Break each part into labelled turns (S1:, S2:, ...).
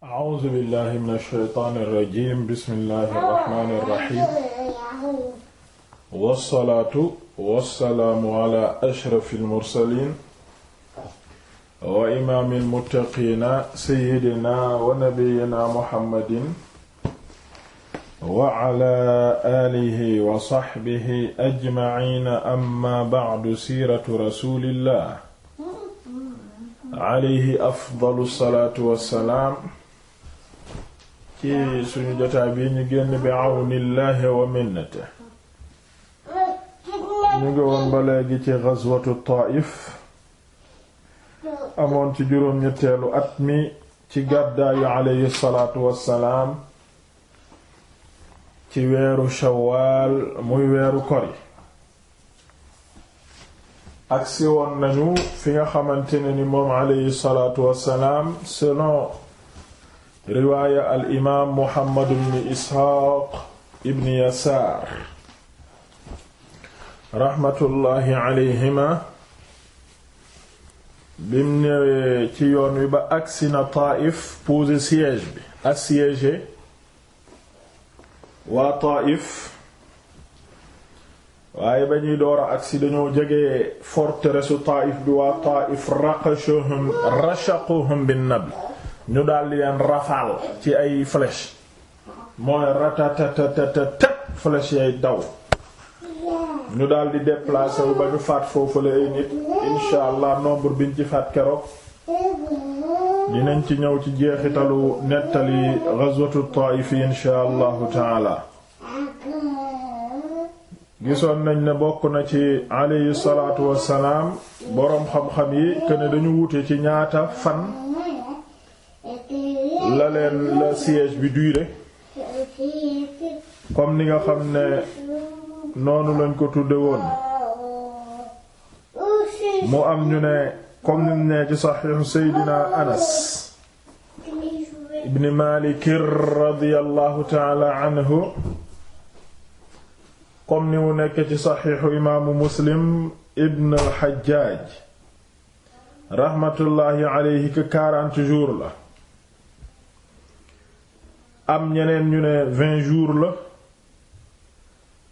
S1: a'uuzu billahi mina shaytaani rajiim bismillahi rahmaani rahiim wassalaatu wassalaamu ala ashrafil mursaliin wa imaamil muttaqiina sayyidina wa nabiyyina muhammadin wa ala aalihi wa sahbihi ajmaciina amma ba'du siiratu rasuulillah alayhi afdalu salaatu wassalaam ci suñu jotaay bi ñu génn bi àwnillaahi wa minnate ñu ngi woon ci ghazwatu Taa'if amoon ci juróom ñetteelu at mi ci gàddaayu alayhi salaatu wassalaam ci weeru shawaal muy weeru kori agsi woon nañu fi nga xamante ne ni moom alayhi salaatu wassalaam selon riwaaya al imaam Muhammad ibn Isxaaq ibn Yasaar raxmatullaahi alayhima bim ñëwee ci yoon wi ba agsi na Taayif posé siège bi assiégé waa Taayif waaye ba ñuy door a agsi dañoo jege forteresse Taayif bi waa Taayif raqashuhum rashaquhum bin nabl ñu daal di leen rafaal ci ay flèche mooy ratatatatatat flèche yay daw ñu daldi di ba ñu faat foofule ay nit insha allah nombre biñ ci faat keroog dinañ ci ñëw ci jeexitalu nettali ghazwatu Taif insha allahu taala gisoon nañ ne bokk na ci alayhi salaatu wassalaam boroom xam-xam yi que ne dañu wute ci ñaata fan la leen la siège bi duire comme ni nga xam ne noonu lañ ko tudde woon mu am ñu ne comme ni ne ci saxiixu seydina anas ibn malik radiyallahu taala anhu comme ni mu nekk ci saxiixu imaamu muslim ibn al raxmatullaahi alayhi ka 40 jours la am ñeneen ñu ne vingt jours la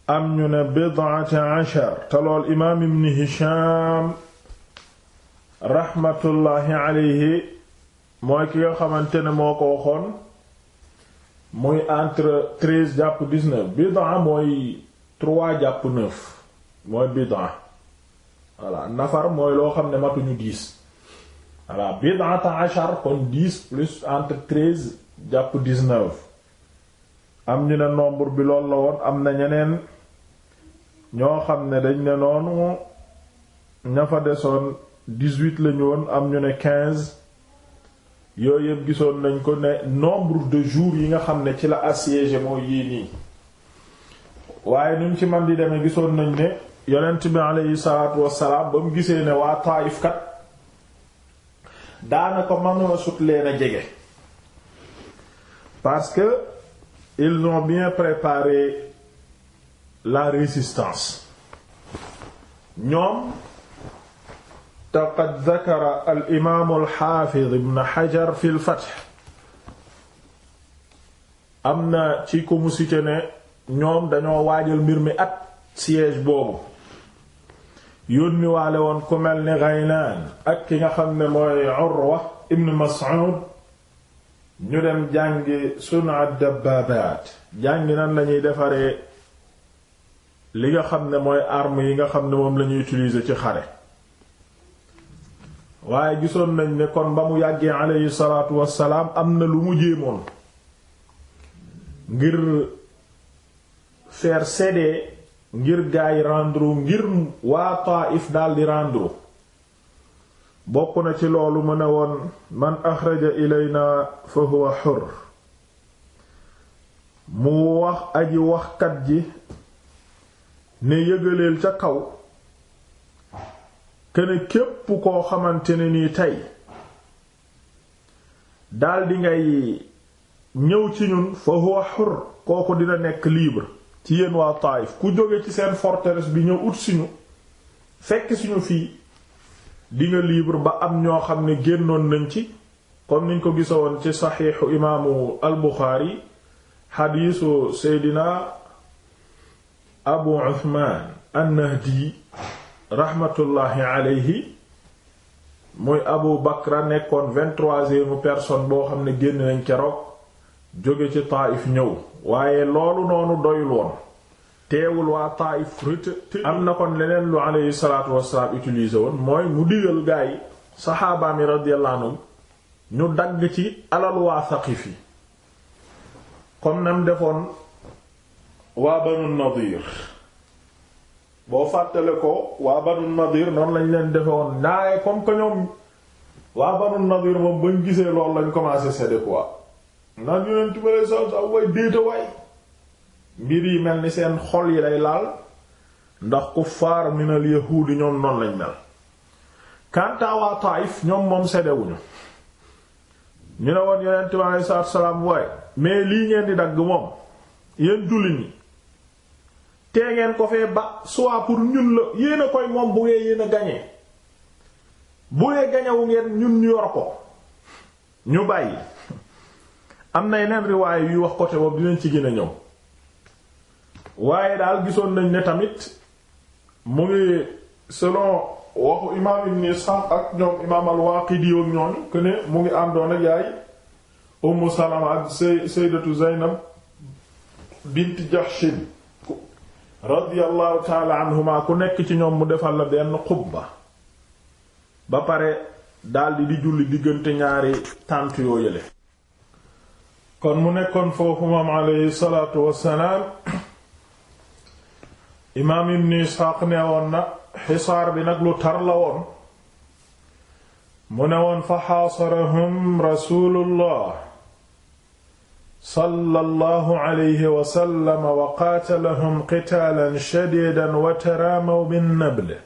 S1: am ñu ne bidaata achar te lool imaam ibn Hisham raxmatullaahi aleyhi mooy ki nga xamante ne moo ko waxoon muy entre treize jàpp dix-neuf mooy trois jàpp neuf mooy bidaa voilà nafar mooy loo xam ne matuñu dix voilà bidaata achar kon dix plus entre treize jàpp dix am ñu ne nombre bi lool la woon am na ñeneen ñoo xam ne dañ ne noonu ña fa desoon dix-huit lañu woon am ñu ne quinze yooyu gisoon nañ ko ne nombre de jour yi nga xam ne ci la assiégé yi nii waaye nuñ ci man di demee gisoon nañ ne yonent bi aleyhi salaatu wassalaam ba mu gisee ne waa Taayif kat daanaka mënula sut leen a jege ils ont bien préparé la résistance ñoom te qad dakara al imaam al xaafid ibn xajar fi al fath am na ci ko mu ñoom dañoo waajal mbir mi at siège boobu yónni waale woon ku mel ni Ghaylaan ak ki nga xam ne mooy Urwa ibn Mas'ud ñu dem jàngi suna dabbabaat jàngi nan lañuy defaree li nga xam ne mooy arme yi nga xam ne moom lañuy utilise ci xare waaye gisoon nañ ne kon ba mu yàggee aleyhi salaatu wassalaam am na lu mu jéemoon ngir faire céder ngir gaay rendre ngir waa Taif daldi rendre bokk na ci loolu mën a woon man axraja ilayna fa huwa xur mu wax aji waxkat ji ne yëgaleel ca kaw kene képp koo xamante ne nii tey daldi ngay ñëw ci ñun fa huwa xur kooku dina nekk libre ci yéen waa Taayif ku jóge ci seen forteresse bi ñëw ut siñu fekk siñu fii di nga libre ba am ñoo xam ne génnoon nañ ci comme niñ ko woon ci saxiixu imaamu al-Buxaari xadiisu seydina abu Usmaan an-Nahdi raxmatullaahi aleyhi muy abu Bakra nekkoon vingt-troisième personne boo xam ne génn nañ keroog jóge ci Taayif ñëw waaye loolu noonu doyul woon teewul waa Taayif am na kon leneen lu alayhi salaatu wassalaam utilisé woon mooy mu digal gaa yi saxaabaam yi radiyallahu anhum ñu dagg ci alal waa Saqif yi comme nam defoon waa Banu Nadir boo fàttale ko waa Banu Nadir noonu lañ leen defe woon naaye comme que ñoom waa Banu Nadir moom bañ gisee loolu lañ commencé sédde quoi naan yonent bi sallallahu alayhi way déeta waay mbir yi mel ni seen xol yi lay laal ndax kuffaar minal yahuudi ñoom noonu lañ mel kanta waa Taayif ñoom moom seddewuñu ñu ne woon yonent bi salaam waaye mais lii ngeen di dagg moom yéen jullit ñi tee ngeen ko fee ba soit pour ñun la yéen a koy moom bu ngeen yéen gañee bu gañewu ngeen ñun ñu yor ko ñu bàyyi am na yeneen riwaaye yuy wax côté boobu dinañ ci gën a ñëw waaye daal gisoon nañ ne tamit mu ngi selon waxu imaam ibn Ishaq ak ñoom imaam al-Waaqidi ak ñoom que ne mu ngi àndoon a yaay Ummu Salama ak sayyidatu Zaynab bint Jahshin radiyallahu taala ku nekk ci ñoom mu defal la benn xubba ba pare daldi di julli diggante ñaari tànt yoo yële kon mu nekkoon foofu moom alayhi salaatu wassalaam imaam ibni isxaaq ne woon na xisaar bi nag lu tar la woon mu ne woon fa xaasarahum rasulullah sallallahu alayhi wa sallam wa qaatalahum qitaalan shadiidan wa taraamaw binnable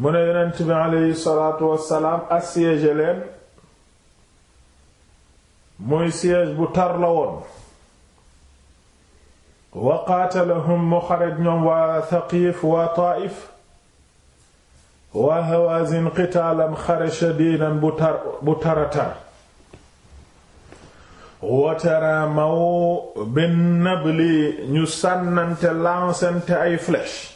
S1: mu ne yonent bi alayhi salaatu wassalaam assiégé leen muy siège bu tar la woon wa qaatalahum mu xareej ñoom waa Saqiif waa Taa'if waa Hawaazin qitaalan xare shadiidan bu tar bu tara tar wa taraamaw bin nabli ñu sànnante lancante ay flèche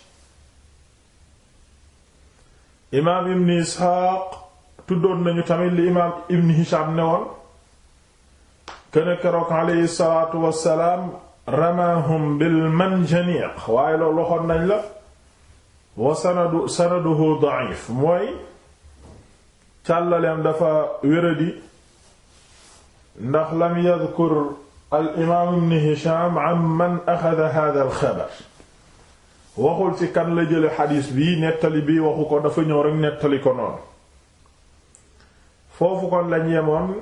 S1: imaam Ibn Isxaaq tuddoon nañu tamit li imaam Ibn Hishaam ne woon kene keroog aleyhi salaatu wassalaam ramaahum bil manjaniq waaye loolu waxoon nañ la wa sanadu sanaduhu da'if mooy càllaleem dafa wéradi ndax lam yadkur al imaam ibn Hisham an man axada hada xabar waxul ci kan la jële xadiis bii nettali bi waxu ko dafa ñëw rekk nettali ko noonu foofu kon lañ yemoon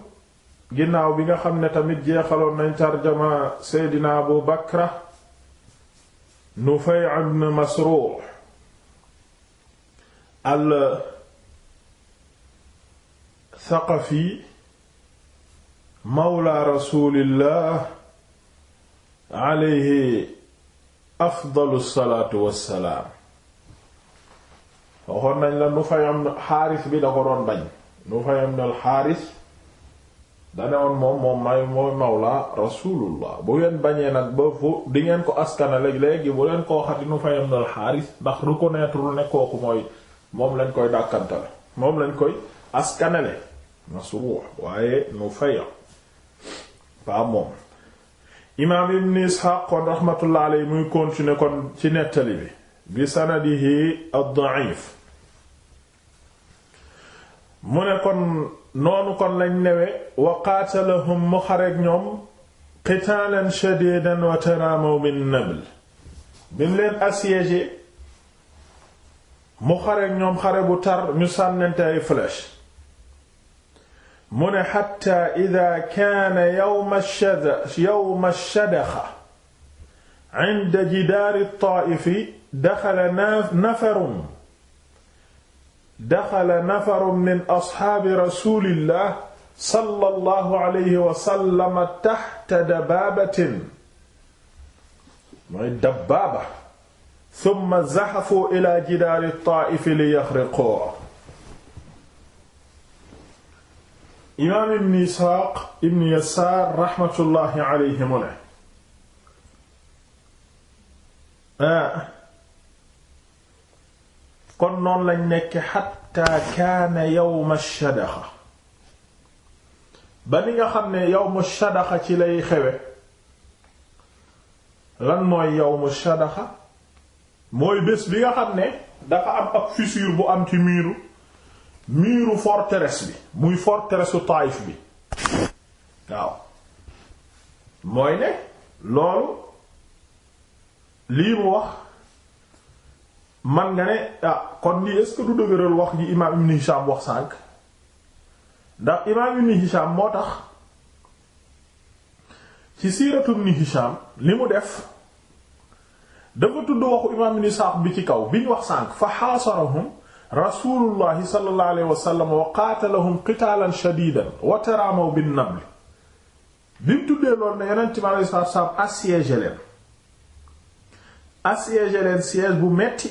S1: ginnaaw bi nga xam ne tamit jeexaloon nañ tarjama seydina abu bakra nufay ibn masruux al thaqafi mawla rasulillah alayhi afdalu salaatu wassalaam waxoon nañ la nufay ibn xaaris bi da ko doon bañ nufay danewoon moom moom may mooy mawla rasulullah bu ngeen bañee nag ba fu di ngeen ko askana léegi bu leen koo xati nu fayam nal xaaris ndax reconnaître lu ne kooku mooy moom lañ koy dàkkantale moom lañ koy askanale masruux waaye nu faya paa moom imaam ibn isxaaq kon raxmatullah alayhi muy continuer kon ci nettali bi bi sanadihi ad-da'if mu ne kon noonu kon lañ newe wa qaatalahum mu xareeg ñoom qitaalan shadidan wa taraamaw bin nabl bi mu leen assiégé mu xareeg ñoom xare bu tar ñu sànnante ay flèche mu ne xatta ida kaana yawma yawma shadaxa inda jidaari taa'ifi daxala nafarun daxala nafarun min asxaabi rasulillah sallallahu alayhi wa sallam taxta dabaabatin mooy dabbaaba summa zaxafuu ila jidaari taa'ifi li yaxriqoo imaam ibn isxaaq ibn yasaar raxmatullahi alayhi mu ne ah, kon noonu lañ nekk xatta kaana yawma shadaxa ba ni nga xam ne yawmu shadaxa ci lay xewe lan mooy yawmu shadaxa mooy bés bi nga xam ne dafa am ab fissure bu am ci miiru miiru forteresse bi muy forteressu Taayif bi waaw mooy ne loolu lii mu wax man nga ne ah kon lii est-ce que du dëgëral wax ji imaam ibn Hisham wax sànk ndax imaam ibn Hisham moo tax ci siiratu ibn Hisham li mu def dafa tudd waxu imaam ibn Isaaq bi ci kaw bi wax sànk fa xaasarahum rasulullahi sallallahu alayhi wa wa qaatalahum qitaalan shadiidan wa bin nabl bi mu tuddee loolu ne yonent mi alayhi salaatu wa leen assiégé leen siège bu metti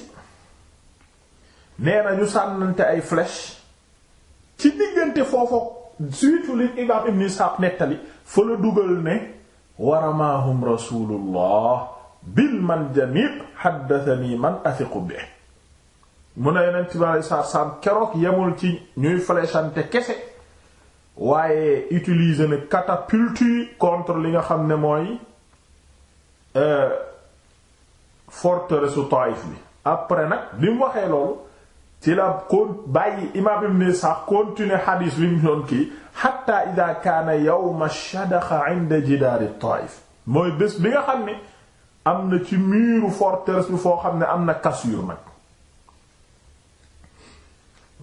S1: nee na ñu sànnante ay flèche ci diggante foofu surtout li imaam ibn Isxaaq nettali fa la dugal ne waramaahum rasulullah bil manjaniq haddathani man athiqu bi mu ne yonent bi alei saatu keroog yemul ci ñuy flèchante kese waaye utiliser na catapulte contre li nga xam ne mooy euh, forteresse su Taif bi après nag bi mu waxee loolu ci la kon bàyyi imaam ibn Isxaaq continuer xadiis bi mu kii xatta ida kaana yawma shadaxa inda mooy bés bi nga xam ne am na ci miiru forteresse bi foo xam ne am na cassure nag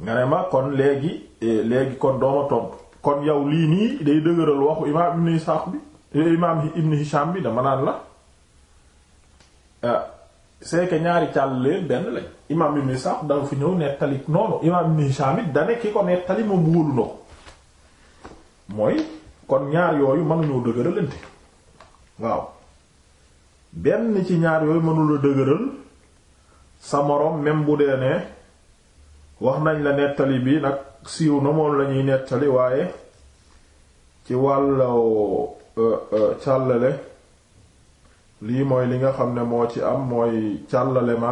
S1: nga ne ma kon léegi eh, léegi kon dooma tontu kon yow lii nii day dëgëral waxu imaam ibn Isxaaq bi eh, imaam ibn Hisham bi dama naan la eh, c'est ñaari càll leen benn lañ imaam ibn Isaaq dafa fi ñëw nettali noonu imaam ibn Hishaam it dane ki ko nettali moom wóolu na ko mooy kon ñaar yooyu mënuñoo dëgëralante waaw benn ci ñaar yooyu mënula dëgëral sa moroom même bu dee ne wax nañ la nettali bi nag siiw na lañuy la nettali waaye ci wàllu euh, euh, càllale lii mooy li nga xam ne moo ci am mooy càllale ma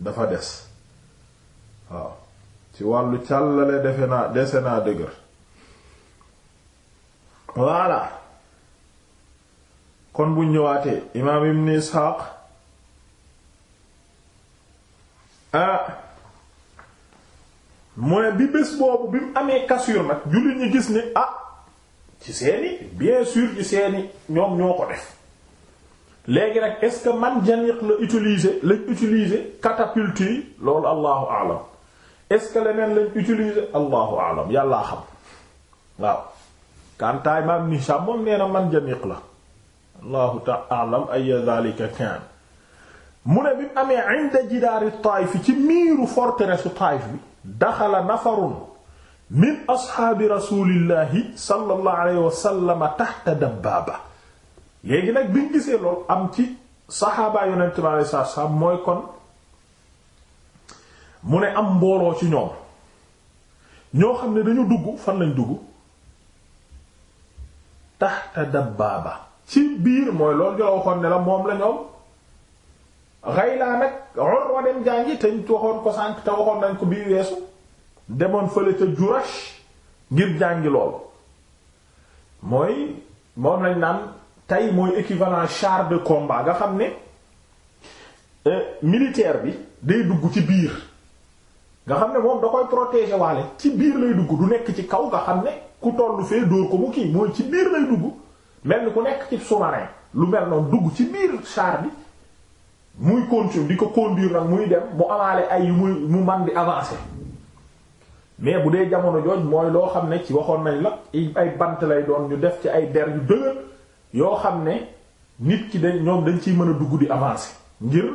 S1: dafa des waaw ci wàllu càllale defe naa dese naa dëgër voilà kon bu ñëwaatee imaam ibn Isxaaq ah mu ne bi bés boobu bi mu amee kasur nag jullit ñi gis ne ah ci seeni bien sûr ci seeni ñoom ñoo ko def léegi nag est ce que man janiq utilise utiliser lañ utiliser catapulte yi loolu allahu alam est ce que leneen lañ utilise allahu alam yàllaa xam waaw kantaay maam nisha moom nee man janiq la allahu ta'ala alam ay zalika kan mu ne bi amee inda jidaari taayif ci miiru forteresse taayif bi daxala nafarun min ashaabi rasulillahi sallallahu alayhi wa sallam taxta léegi nag biñ gisee lool am ci saxaaba yonent bi alayhi salaatu mooy kon mu ne am mbooloo ci ñoom ñoo xam ne dañu dugg fan lañ dugg taxta dabbaaba ci biir mooy loolu joo waxoon ne la moom la ñoom Ghaylaan nag Urwa dem jàngi te ñu waxoon ko sànq te waxoon nañ ko bii weesu demoon fële ca Jurash ngir jàngi loolu mooy moom lañ naan tey mooy équivalent char de combat nga xam ne euh, militaire bi day dugg ci biir nga xam ne moom da koy protéger waale ci biir lay dugg du nekk ci kaw nga xam ne ku toll fee dóor ko mu kii mooy ci biir lay dugg mel ni ku nekk ci sous lu mel noonu dugg ci biir char bi muy continuer di ko conduire nag muy dem mu amaale ay yu mu man di avancer mais bu dee jamono jooj mooy loo xam ne ci waxoon nañ la ay bant lay doon ñu def ci ay der yu dëgër yoo xam ne nit ki dañ ñoom dañ ciy mën a dugg di avancer ngir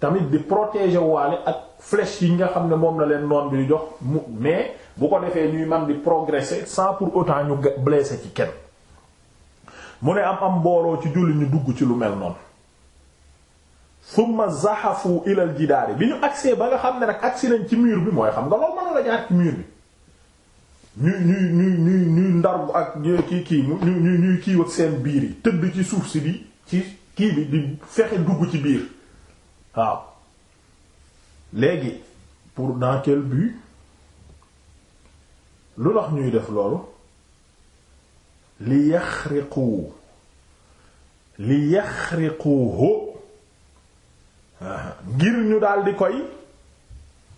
S1: tamit di protéger waale ak flèche yi nga xam ne moom la leen noon bi jox mu mais bu ko defee ñuy man di progresser sans pour autant ñu blesser ci kenn mu ne am am mbooloo ci julli ñu dugg ci lu mel noon noonu thumma zahafu ilal jidaari bi ñu agsee ba nga xam ne nag agsi nañ ci miir bi mooy xam nga loolu mën la jaar ci mur bi ñuy ñuy ñuy ndargu ak ñuy kii kii ñuy ñuy kiiw ak seen biir yi tëdd ci suuf si bi ci kii bi di fexe dugg ci biir waaw léegi pour dans bi but lu tax ñuy def loolu li yaxriqu li ngir ñu daldi di koy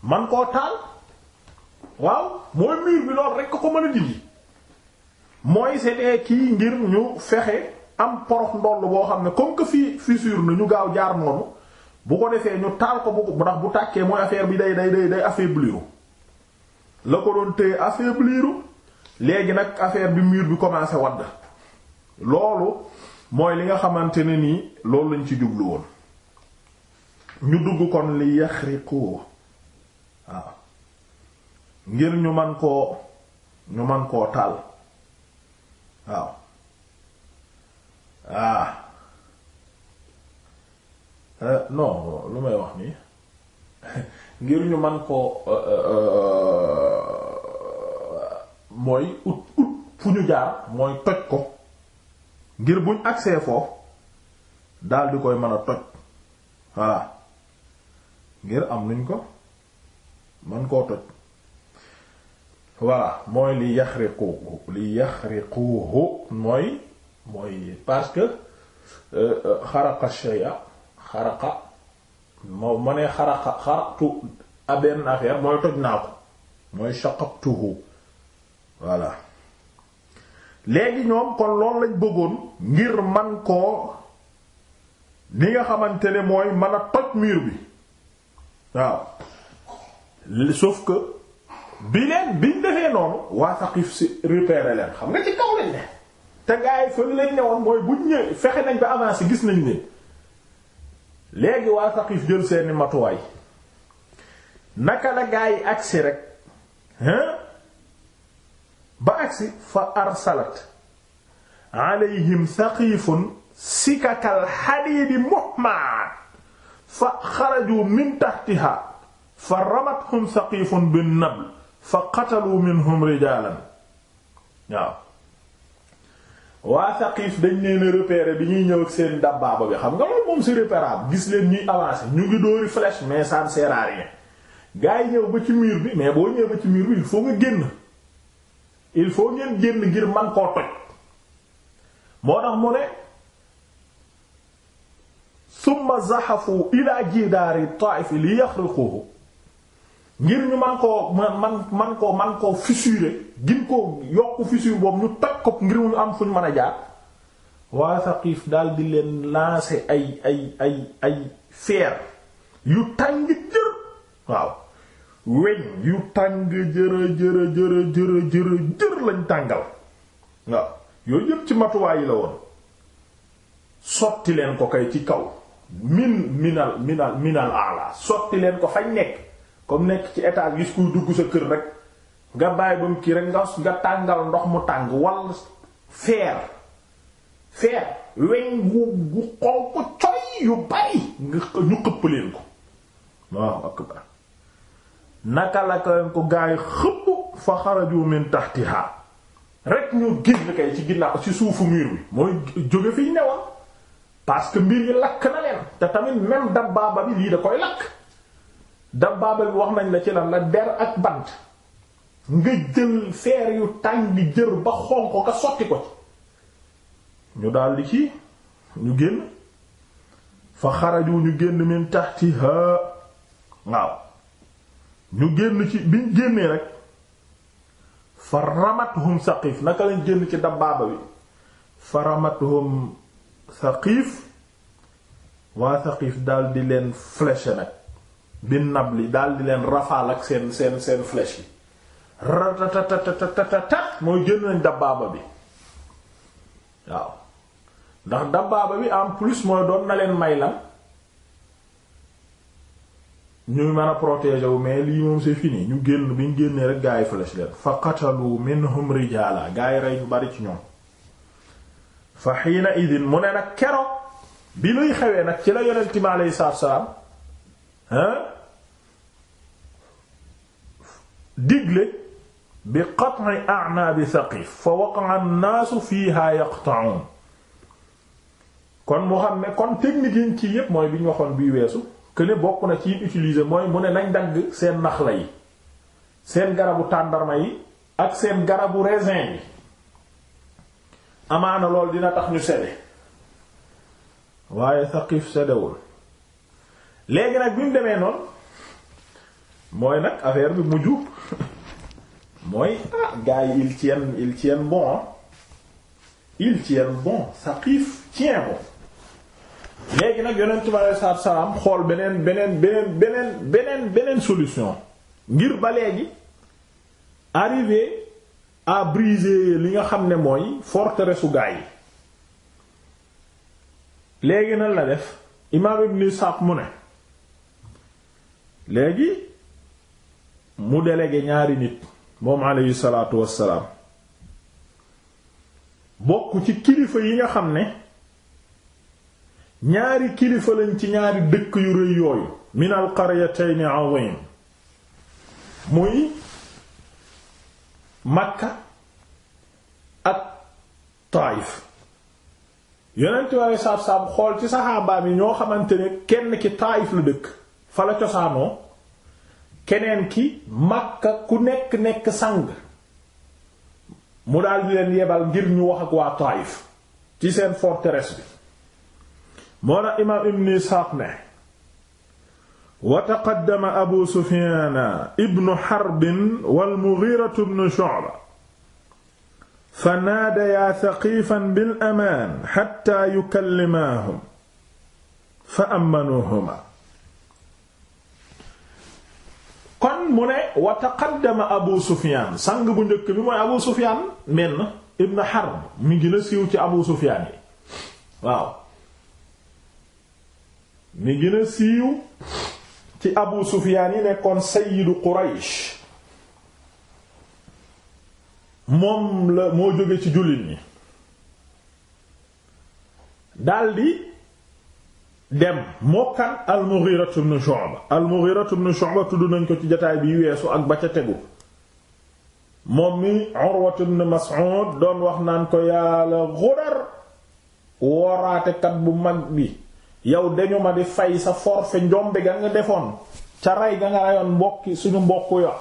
S1: man koo taal waaw mooy mur bi loolu rek ko mën a dindi mooy c'était kii ngir ñu fexe am porox ndoll boo xam ne comme que fi fissure na ñu gaaw jaar moom bu ko defee ñu taal ko bu ndax bu tàkkee mooy affaire bi day day day day affaiblir la ko doon téye affaiblir léegi nag affaire bi mur bi commencé wadd loolu mooy li nga xamante ne nii loolu lañ ci jublu woon ñu dugg kon li yaxriqu waaw ngir ñu man koo ñu man koo taal waaw ah eh, non lu may wax nii ngir ñu man koo eh, eh, mooy ut ut fu ñu jaar mooy toj ko ngir buñ agsee foofu daal koy mën a toj voilà ngir am nuñ ko man koo toj voilà mooy li yaxriquhu li yaxriquhu mooy mooy parce que euh, euh, xaraqa shay'a xaraqa moo ma nee xaraqa xaraqtu abenn affaire mooy toj naa ko mooy shaqaqtuhu voilà léegi ñoom kon loolu lañ bëggoon ngir man koo ni nga xamante ne mooy mën a toj mur bi waaw sauf que bi leen biñ defee noonu waa Saqif si repéré leen xam nga ci kaw lañ ne te gars yi fan lañ ne woon mooy buñ ñëwee fexe nañ ba avancé gis nañ ne léegi waa Saqif jël seeni matuwaay naka la gars yi agsi rek hein ba agsi fa arsalat alayhim Saqifun sikakal xadiidi muhma fa xaraju min taxtiha fa ramathum Saqifun bin nabl fa qatalu minhum rijaalan waaw waa Saqiif dañ leen a bi ñuy ñëw seen dabbaaba bi xam nga loolu moom c'est repérable gis leen ñuy avancer ñu ngi dóori flèche mais ça ne yi ñëw ba ci mur bi mais boo ñëw ba ci mur bi il faut génn il faut ngeen génn ngir man koo toj moo tax mu ne summa zahafu ila jidaari taif li yaxriquhu ngir ñu man koo man man koo man koo fissurer gin koo yokk fissure boobu ñu toj ko ngir ñu am fu ñu mën a jaar waa Saqiif daal di leen lancer ay ay ay feer yu tàng jër waaw weñ yu tàng jëra jëra jër lañ tàngal waaw yooyu yëpp ci matuwaay yi la woon sotti leen ko kay ci kaw min minal minal minal ala sotti leen ko fañ nekk comme nekk ci état gis kuy dugg sa kër rek nga bàyyi ba mu kii rek nga nga tàngal ndox mu tàng wal feer feer weñ gu gu xonq coy yu bari nga xëpp leen ko naka la ko gaay xëpp fa xaraju min tahtiha rek ñu génn kay ci ginnaaw ci suufu mur bi mooy jóge fiy newal parce mbir yi lakk na leen te tamit même dabbaaba bi lii da koy lakk dabbaaba bi wax nañ la ci lan la der ak bant nga jël feer yu tàng jër ba xonq ko sotti ko ci ñu daldi ci ñu génn fa xaraju ñu génn min tahtiha waaw ñu génn ci biñ génnee rek fa ramathum saqif naka lañ génn ci dabbaaba bi fa ramathum saqif waa saqif daldi leen flèche nag bin nabli daal di leen rafaal ak seen seen seen flèche yi ratatatatatatatat mooy génn nañ dabbaaba bi waaw ndax dabbaaba bi en plus mooy doon na leen may la ñu mën a protéger wu mais lii moom c'est fini ñu génn bi ñu génnee rek gaa yi flèche leen fa qatalu minhum rijaala gaa yi rey ñu bari ci ñoom fa xiina idin mu ne nag kero bi luy xewee nag ci la yonent bi aleyhi salaatu wa salaam digle bi qat'i a'naabi Saqiif fa waqa'a naasu fii fiihaa yaqta'uun kon moo xam ne kon technique yi ci yépp mooy bi ñu waxoon bii weesu que bokk na ci utiliser mooy mu ne nañ dagg seen naxla yi seen garabu tàndarma yi ak seen garabu raisin yi amaana lool dina tax ñu sedde waaye Saqiif seddewul léegi nag bi mu demee noon mooy nag affaire bi mujj. mooy ah gars yi ils tiennent ils tiennent bon ah ils tiennent bon Saqif tient bon léegi nag yonent bi alei salaatu salaam xool beneen beneen beneen beneen beneen solution ngir ba léegi arriver à briser li nga xam ne mooy forteresse su gars yi léegi nan la def imaam Ibn Isxaaq mu ne léegi mu délégué ñaari nit moom aleyhi salaatu wassalaam bokk ci kilifa yi nga xam ne ñaari kilifa lañ ci ñaari dëkk yu rëy yooyu min al qaryatayn muy makka ak taayif yonent waaye saab-saab xool ci saxaabaam yi ñoo xamante ne kenn ki taayif la dëkk fa la cosaanoo keneen ki Makka ku nekk nekk sang mu daal di leen yebal ngir ñu wax ak waa Taayif ci seen forteresse bi moo na imaam Ibn Isxaaq ne wa taqaddama Abu Sufyaana ibnu Harbin wal Mughiiratu ibnu Shu'ba fa naadayaa Saqiifan bil amaan hattaa yukallimaahum fa ammanuuhumaa kon mu ne wa taqaddama abu sufyan sang bu njëkk bi mooy abu sufyan menn ibn harb mi gën siiw ci abu sufyan yi waaw mi gën siiw ci abu sufyan yi nekkoon sayyidu quraysh moom la moo jóge ci jullit ñi daldi dem mokkan al-Mughira tudd nañ ko ci jataay bi weesu ak ba ca tegu moom mi Urwa ibn doon wax naan ko yàlla Ghudar woraatekat bu mag bi yow dañu ma di fay sa forfait njombe ga nga defoon ca rey ga nga reyoon mbokki suñu mbokk ya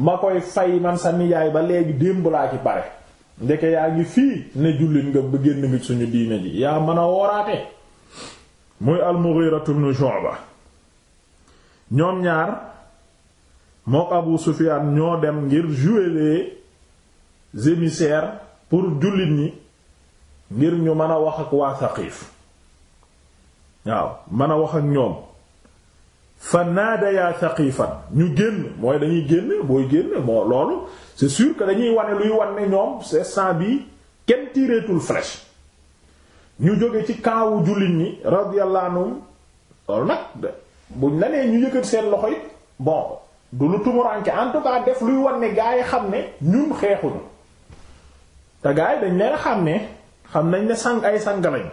S1: ma koy fay man sa nijaay ba léegi démb laa ci pare ndeke yaa ngi fii ne jullit nga ba génn ngi suñu diine ji yaa mën a wooraate muy al-Mughira ibn Shu'ba ñoom ñaar mook Abu Sufyaan ñoo dem ngir jouer les pour jullit ñi ngir ñu mën a wax ak waa Saqiif waaw mën a wax ak ñoom fa naada yaa Saqiifan ñu génn mooy dañuy génn booy génn moo loolu c'est sûr que dañuy wane luy wane ñoom c'est sans bi kenn tireetul flèche ñu jóge ci kaawu jullit ñi radiyallahu anhum loolu nag buñ la ñu yëkkat seen loxo yi bon du lu tumuranke en def luy wan ne gaa yi xam ne ñun xeexuñu te gaa dañ leen xam xam nañ ne sang ay sang lañ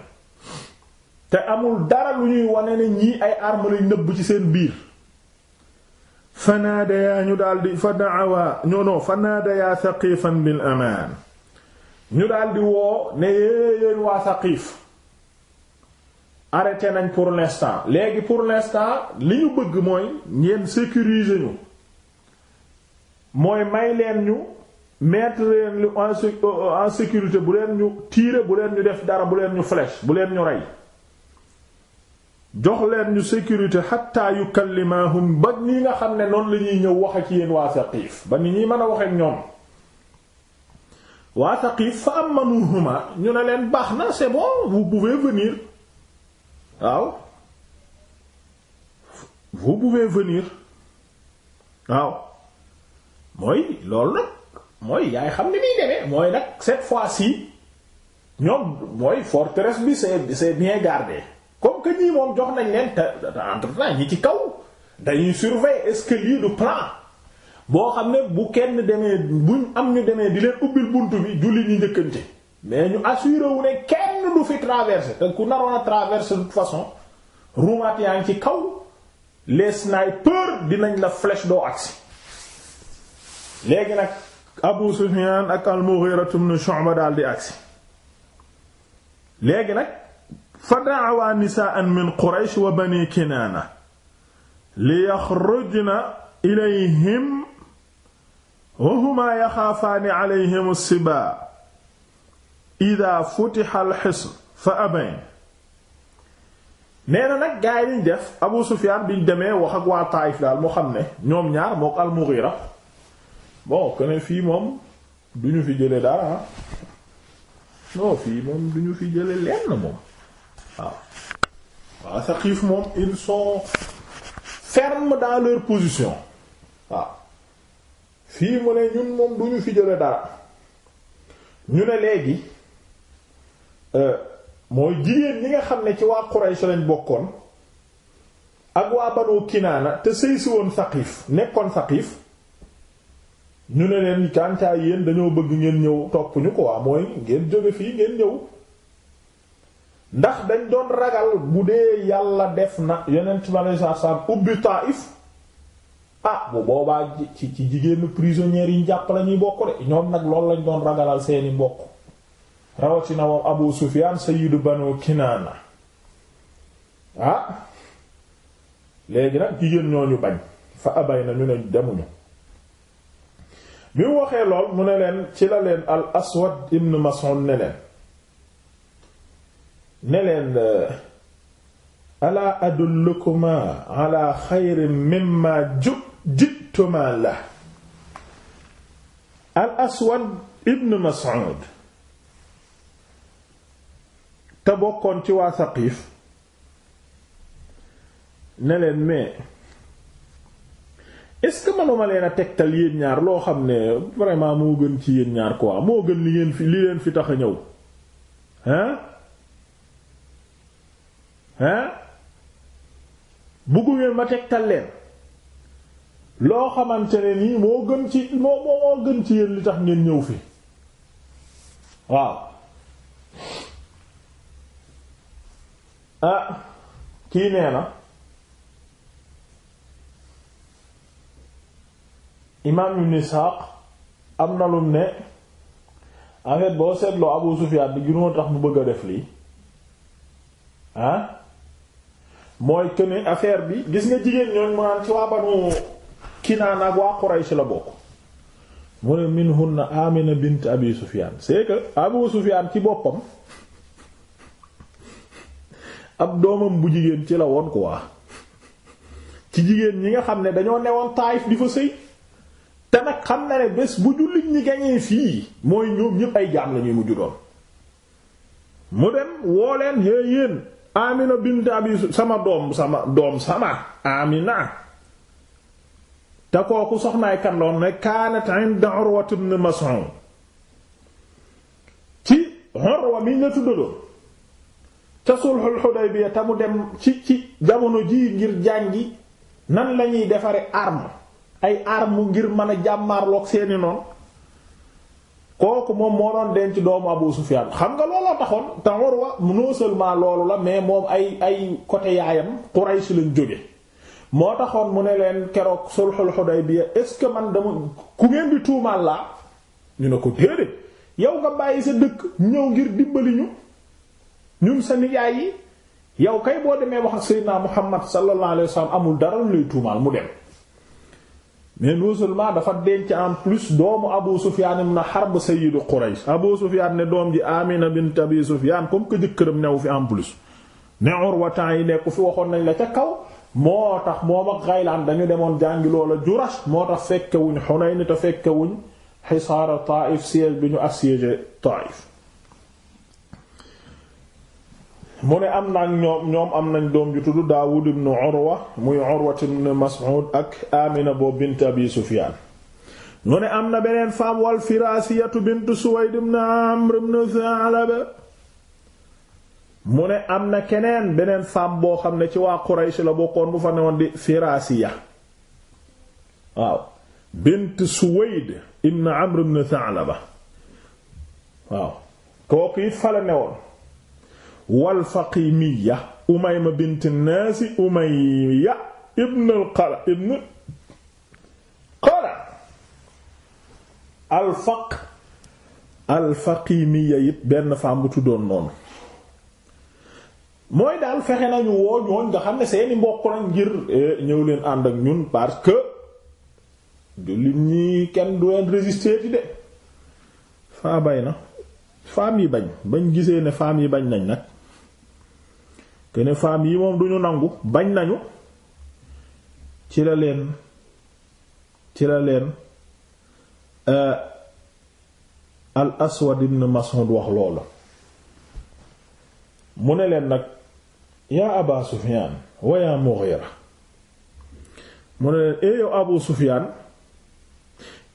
S1: te amul dara lu ñuy wane ne ñii ay arme lañ nëbb ci seen biir fanaadayaa ñu daldi fa daawa ñoo noo fanaadayaa thaqifan bil amaan ñu daldi woo ne yéen waa Saqiif arrêté nañ pour l'instant léegi pour l'instant li ñu bëgg mooy ngeen sécuriser ñu mooy may leen ñu mettre leen lu euh, en sécurité bu leen ñu tirer bu leen ñu def dara bu leen ñu flèche bu leen ñu rey jox leen ñu sécurité hatta yukallimahum ba ni nga xam ne noonu la ñuy ñëw wax ak yéen waa Saqiif ba ñu ñuy mën a waxeek ñoom. waa Thaqif fa amanuhuma ñu ne leen baax na c'est bon bu pouvez venir waaw vous pouvez venir waaw mooy loolu nag mooy yaay xam ni muy demee mooy nag cette fois si ñoom mooy forteresse bi c'est c'est bien garde comme que ñii moom jox nañ leen te entre ñi ci kaw dañuy surveiller est-ce du plan boo xam ne bu kenn demee buñ am ñu demee di leen ubbil bunt bi julli ñu njëkkante mais ñu assuré wu ne kenn du fi traversé te ku naroon a traversé de toute façon rumaat ci kaw les snipers dinañ la flèche doo agsi léegi nag Abu Sufyan ak al-Mughira ibn Shu'ba daal di agsi léegi nag fa da'awa nisaa'an min Quraysh wa Bani Kinaana li yakhrujna ilayhim wa huma yaxaafaani alayhim na nag gaa yi liñ def Abu Sufyaan waa Taayif xam ne ñoom ñaar fii moom duñu fi jële dara ah. fi jële lenn moom waaw waaw moom ils sont fermes dans leur position waaw fii mu ne ñun moom du ñu fi jële dara ñu ne léegi euh, mooy jigéen ñi nga xam ne ci waa Quraysh lañ bokkoon ak waa Banu Kinaana te sëy si woon Saqiif nekkoon Saqiif ñu ne leen kantaay yéen dañoo bëgg ngeen ñëw topp ñu ko waa mooy ngeen jóge fii ngeen ñëw ndax dañ doon ragal bu dee yàlla def na yeneen ci ma lay saab ubbi Taayif ah bu boobaa ci ci jigéenu prisonnières yi ñu jàpp bokk de ñoom nag loolu lañ doon ragalal seeni mbokk rawatina moom Abu Sufyan sayyidu Banu Kinaana ah léegi nag jigéen ñooñu bañ fa abay na ñu ne demuñu bi mu waxee lool mu ne leen ci la leen al aswad ibn Mas'ud ne leen ne leen alaa adullukuma ala xayrin mimma juk jittumaa la al aswad ibn mas'ud te bokkoon ci waa saqiif ne leen mais est-ce que manuma leen a tegtal yéen ñaar loo xam ne vraiment moo gën ci yéen ñaar quoi moo gën li ngeen fi li leen fi tax a ñëw hein hein bëggu ngeen ma tegtal leen loo xamante ne nii moo gën ci moo moo gën ci yéen li tax ngeen ñëw fii waaw ah kii nee na imaam ibn Isaaq am na lum ne en boo seetloo Abu Sufyaan bi ginoo tax mu bëgg a def lii ah mooy que ne affaire bi gis nga jigéen ñooñ mu naan ci waa Banu Kinaana ak waa Quraysh la bokk mu ne minhunna Amina bint Abi Sufyan c'est ci boppam ab doomam bu jigéen ci la woon quoi ci jigéen ñi nga xam ne dañoo newoon Taayif di fa sëy te nag xam na ne bés bu jullit ñi gañee fii mooy ñoom ñépp ay jaam la ñuy mujju mu dem woo leen yéen Amina bint Abi sama doom sama doom sama Amina. te kooku soxnaay kan loon ne kaanat inda Urwat ibn Mas'ud ci Urwa mi ñu tuddaloon ca sulhul Hudaybiya te mu dem ci ci jamono ji ngir jàngi nan lañuy defaree arme ay arme ngir mën a jàmmaarloog seeni noonu kooku moom moo doon denc doomu Abu Sufyan xam nga looloo taxoon te Urwa non seulement loolu la mais moom ay ay côté yaayam Quraysh lañ jóge moo taxoon mu ne leen keroog sulhul Hudaybiya est-ce que man dama ku ngeen di tuumaal laa ñu ne ko déedéet yow nga bàyyi sa dëkk ñëw ngir dimbali ñu ñun sa nijaay yi yow kay boo demee wax ak Seydina Muhammad sallallahu alayhi wa sallam amul dara lu lay tuumaal mu dem. mais non seulement dafa denc en plus doomu Abu Sufyan ibn Harb sayyidu Quraysh Abu Sufyan ne doom ji Amina bint Abi Sufyan comme que jëkkëram newu fi en plus ne Urwa temps yi nekku fi waxoon nañ la ca kaw. moo tax moo ak Xaylaan dañu demoon jàngi loola Jurash moo tax fekkewuñ Hunayn te fekkewuñ xisaara Taif siège bi ñu assiégé Taif mu ne am na ak ñoom am nañ doom ju tudd Daawud ibn Urwa muy Urwa ibn Mas'ud ak Amina bint Abi Sufyaan mu ne am na beneen femme wal Firaasiyatu bint Suwayd ibn Amr ibn Tha'laba mu ne am na keneen beneen femme boo xam ne ci waa Quraysh la bokkoon bu fa newoon di Firasiya waaw bint Suwayd ibn Amr ibn Tha'laba waaw kooku it fa la newoon wal Faqimiya Umayma bint Naas Umayya ibn al ibn Qara al-Faq al-Faqimiya it benn femme bu tuddoon noonu mooy daal fexe nañu woo ñooñ nga xam ne seeni mbokk lañ ngir eh, ñëw leen ànd ak ñun parce que jullit ñi kenn du leen ti de faa bay na femmes yi bañ bañ gisee ne femmes yi bañ nañ nag que ne yi moom duñu nangu bañ nañu ci la leen ci la leen eh, al aswad ibn mas'ud wax loolu mu ne leen nag yaa Aba Sufyaan wa yaa Mughira mu ne leen ee Abu Sufyaan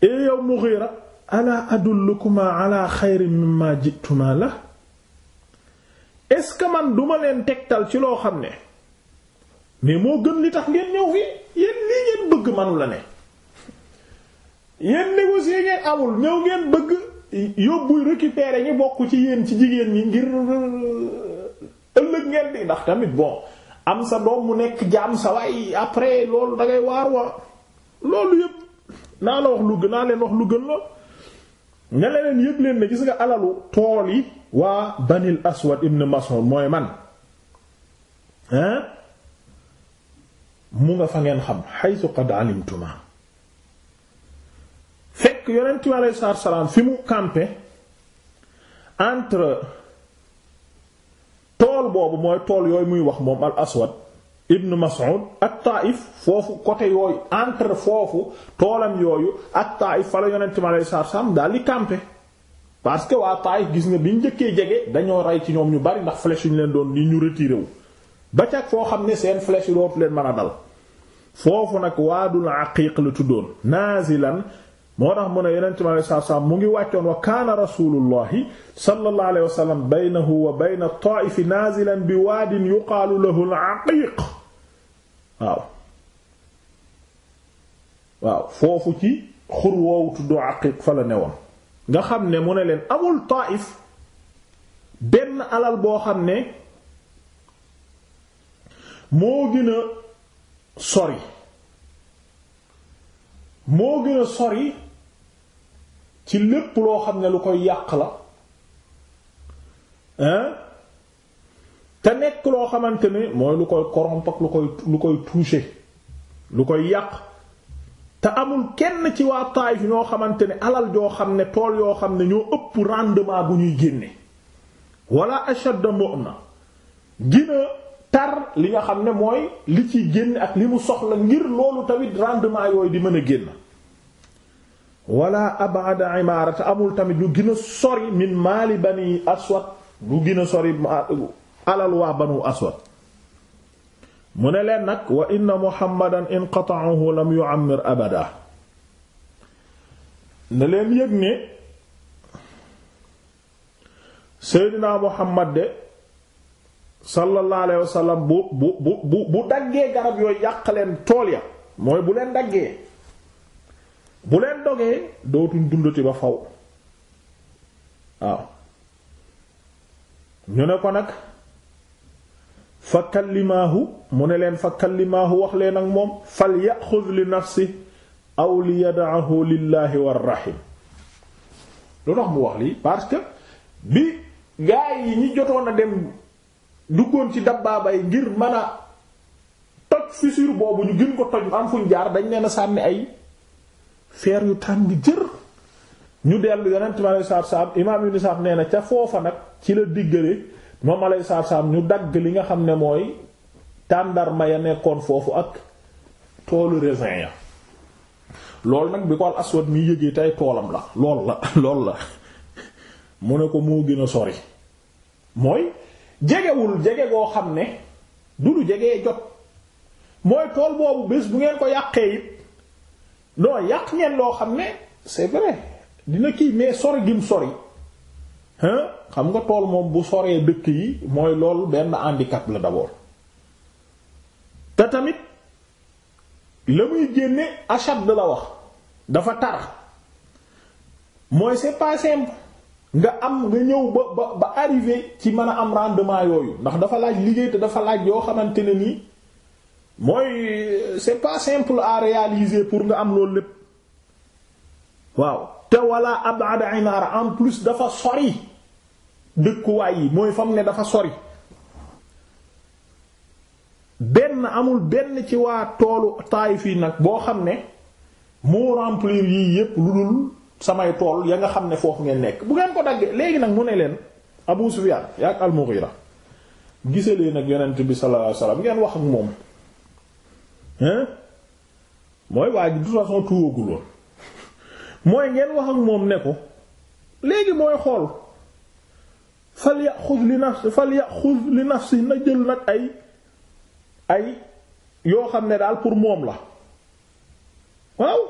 S1: ee Mughira alaa adullukumaa alaa xayrin mimmaa ji'tumaa la est-ce que man duma leen tegtal ci loo xam ne mais moo gën li tax ngeen ñëw fii yéen lii ngeen bëgg manu la ne yéen négocier ngeen amul ñëw ngeen bëgg yóbbuy récupérer ñi bokk ci yéen ci jigéen ñi ngir ëllëg ngeen di ndax tamit bon am sa doom mu nekk jaam sa waay après loolu da ngay waar wa loolu yëpp naa la wax lu gën naa leen nga leen yëpp leen ne gis nga alalu tool yi waa banil aswad ibn Mas'ud mooy man hein mu nga fa ngeen xam haythu qad alimtuma fekk yonent bi alayhi fi mu campé tool boobu mooy tool yooyu muy wax moom al aswad ibn Mas'ud at Taif foofu côté yooyu entre foofu toolam yooyu at Taif fa la yonent mi alayhi salaatu salaam daal di campé parce que waa Taif gis nga biñ njëkkee jege dañoo rey ci ñoom ñu bari ndax flèche yu leen doon li ñu retiré wu ba cag foo xam ne seen flèche yi leen mën a dal foofu nag waadul aqiiq la tuddoon nazilan moo tax mu ne mu ngi wàccoon wa kaana rasulullahi sallallahu alayhi wa sallam baynahu wa bayna taa'ifi naazilan bi waadin yuqaalu lahu al-aqiiq waaw ci xur woowu tudd nga xam ne mu leen amul taaif benn alal boo xam ne moo moo gën a sori ci lépp loo xam ne lu koy yàq la hein te nekk loo xamante ne mooy lu koy corrompre ak lu koy lu koy toucher lu koy yàq te amul kenn ci waa Taayif ñoo xamante ne alal joo xam ne tool yoo xam ne ñoo ëpp rendement bu ñuy génne wala ashadda na gina tar li nga xam ne mooy li ciy génne ak li mu soxla ngir loolu tamit rendement yooyu di mën a génn wala abada amul tamit lu gën a sori min maali bani aswad lu gën sori alal waa banu aswad mu ne leen nag wa inna muhammadan in qata'ahu lam yu'ammir abada ne leen yëg ne seydinaa muhammad de sallallahu alayhi wasallam bu yàq leen tool ya mooy bu leen daggee bu leen dogee dootuñ dundati ba faw waaw ñu ne ko nag fa kallimaahu mu ne leen fa kallimaahu wax leen ak moom fal yaxud li nafsi aw li yadaahu lillaahi war rahim lu tax mu wax lii parce que bi gaa yi ñi jotoon a dem duggoon ci dabbaabay ngir mën a toj fissure boobu ñu gën ko toj am fuñ jaar dañ leen a sànni ay feer yu tàng jër ñu dell yonent ma aleyhi salaatu salaam imaam ibn Sa'd nee na ca foofa nag ci la diggale moom aleyhi salaatu salaam ñu dagg li nga xam ne mooy tàndarma ya nekkoon foofu ak toolu raisin ya loolu nag bi ko al aswad mi yëgee tey toolam la lool la lool la mu ne ko moo gën a sori mooy jegewul jege goo xam ne du lu jegee jot mooy tool boobu bés bu ngeen ko yàqee it non yàq ngeen loo xam ne c'est vrai dina kii mais sori gim sori hein xam nga tool moom bu soree dëkk yi mooy loolu benn handicap la d'abord te tamit la muy génne achat de la wax dafa tar mooy c'est pas simple nga am nga ñëw ba ba ba arrivé ci mën a am rendement yooyu ndax dafa laaj liggéey te dafa laaj yoo xamante ne nii. mooy c'est pas simple à réaliser pour nga am loolu lépp waaw te wala abada imara en plus dafa sori dëkkuwaay yi mooy fam ne dafa sori benn amul benn ci waa toolu Taayif yi nag boo xam ne moo yii yépp lu dul samay tool ya nga xam ne foofu ngeen nekk bu ngeen ko daggee léegi nag mu ne leen Abu Sufyaan yaa ak al-Mughira gise leen ak yonent bi sallallahu alayhi wasallam ngeen wax ak moom mooy waa ji de toute façon tuwaguloon mooy ngeen wax ak moom ne ko léegi mooy xool fal yaxuz li nafsi fal yaxuz li nafsi na jël nag ay ay yoo xam ne daal pour moom la waaw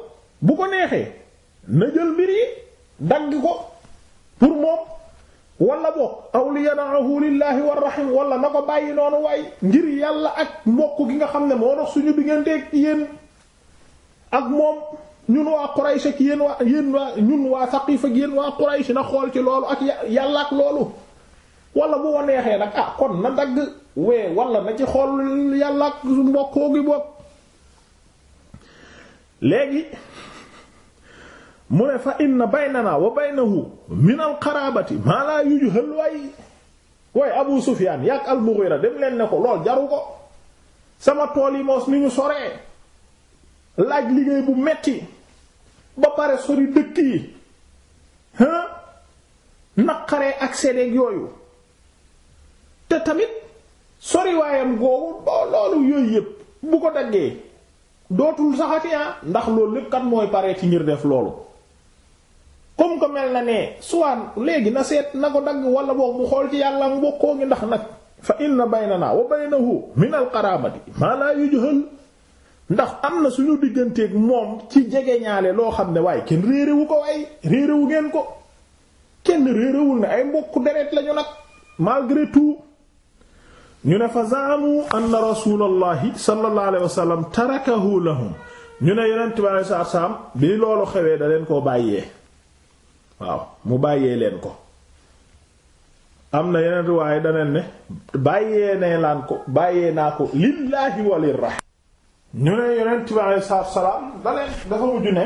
S1: bu ko neexee na jël mbir yi dagg ko pour moom wala bokk aw li yadaahu lillahi war rahim wala na ko bàyyi noonu waay ngir yàlla ak mbokk gi nga xam ne moo dox suñu digganteeg yéen ak moom ñun waa Quraysh ak yéen waa yéen waa ñun waa Saqiif ak yéen waa Quraysh na xool ci loolu ak yàlla ak loolu walla bu ma neexee nag ah kon na dagg wee wala na ci xool yàlla ak mbokk gi bopp léegi. mu ne fa inna baynana wa baynahu min alxaraabati maa laa yujhal waay waay Abu Sufyaan yàgg al-Mughira dem leen ne ko lool jaru ko sama tool yi moos ni ñu soree laaj liggéey bu metti ba pare sori dëkk yi hein naqaree accéder yooyu te tamit sori waayam googu boo loolu yooyu yépp bu ko daggee dootul saxati ah ndax loolu lépp kat mooy pare ci ngir def loolu comme que mel na ne suwaan léegi na seet na ko dagg wala boo mu xool ci yàlla mu bokkoo ngi ndax nag fa na baynana wa baynahu min al qaraabati maa laa yujhal ndax am na suñu digganteeg moom ci jege ñaale loo xam ne waaye kenn réerewu ko waaye réerewu ngeen ko kenn réerewul ne ay mbokku deret lañu nag malgré tout ñu ne fa zaamu anna rasulallahi sallallahu alayhi wa sallam tarakahu lahum ñu ne yonent bi sallallahu alayhi wa sallam bi loolu xewee da leen koo bàyyee waaw mu bàyyee leen ko am na yeneen riwaaye daneen ne bàyyee ne laan ko bàyyee naa ko lillaahi walir rahim ñu ne yonent bi alei salaam daleen dafa mujj ne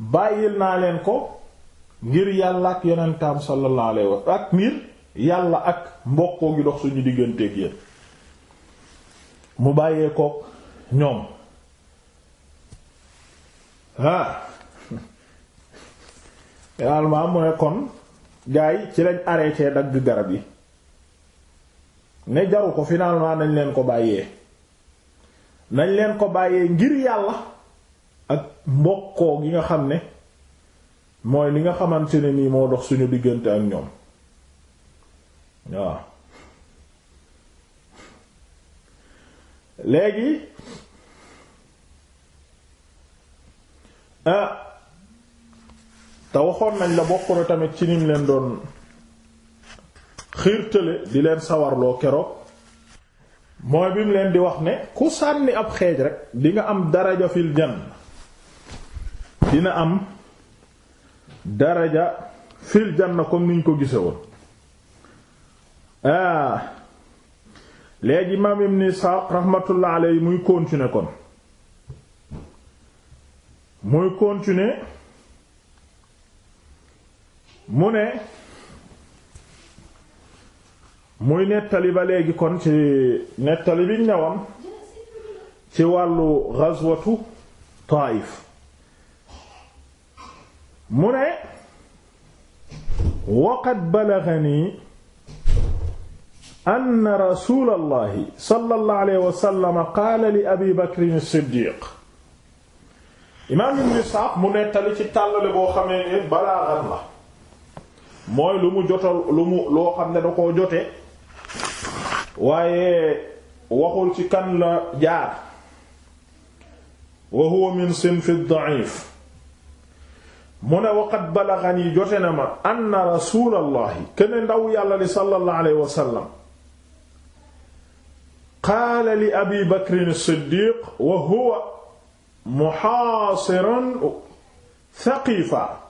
S1: bàyyil naa leen ko ngir yàlla ak yonentam sallallahu alayhi wa sallam ak ngir yàlla ak mbokkoo gi dox suñu digganteeg yéen mu bàyyee koog ñoom ah finalement mu ne kon gars ci lañ arrêté dagg garab yi ne jaru ko finalement nañ leen ko bàyyee nañ leen ko bàyyee ngir yàlla ak mbokkoo gi nga xam ne mooy li nga xamante ne nii moo dox suñu diggante ak ñoom waaw léegi ah, te waxoon nañ la bokk na tamit ci nim leen doon xiirtale di leen sawarloo keroog mooy bi mu leen di wax ne ku sànni ab xeej rek di nga am daraja fil janna dina am daraja fil na comme niñ ko gise woon ah léegi imaam ibn Isaaq rahmatullah alayhi muy continuer kon muy continuer mu ne muy nettali ba léegi kon ci nettali bi ñëwam ci wàllu ghazwatu Taif mu ne waqad balaghani anna rasulallahi sallallahu alayhi wa sallam qaala li abi bakrin as-siddiq imaam ibn Isxaaq mu nettali ci tàllale boo xamee ne balaagan la mooy lu mu loo xam ne da koo jotee waaye waxul ci kan la jaar wa huwa min sinfi da'if mu ne waqad balaghani jote na ma anna rasulallahi kene ndaw yàlla li sallallahu alayhi wa sallam qaala li abi bakrin as-siddiq wa huwa muhaasirun thaqifa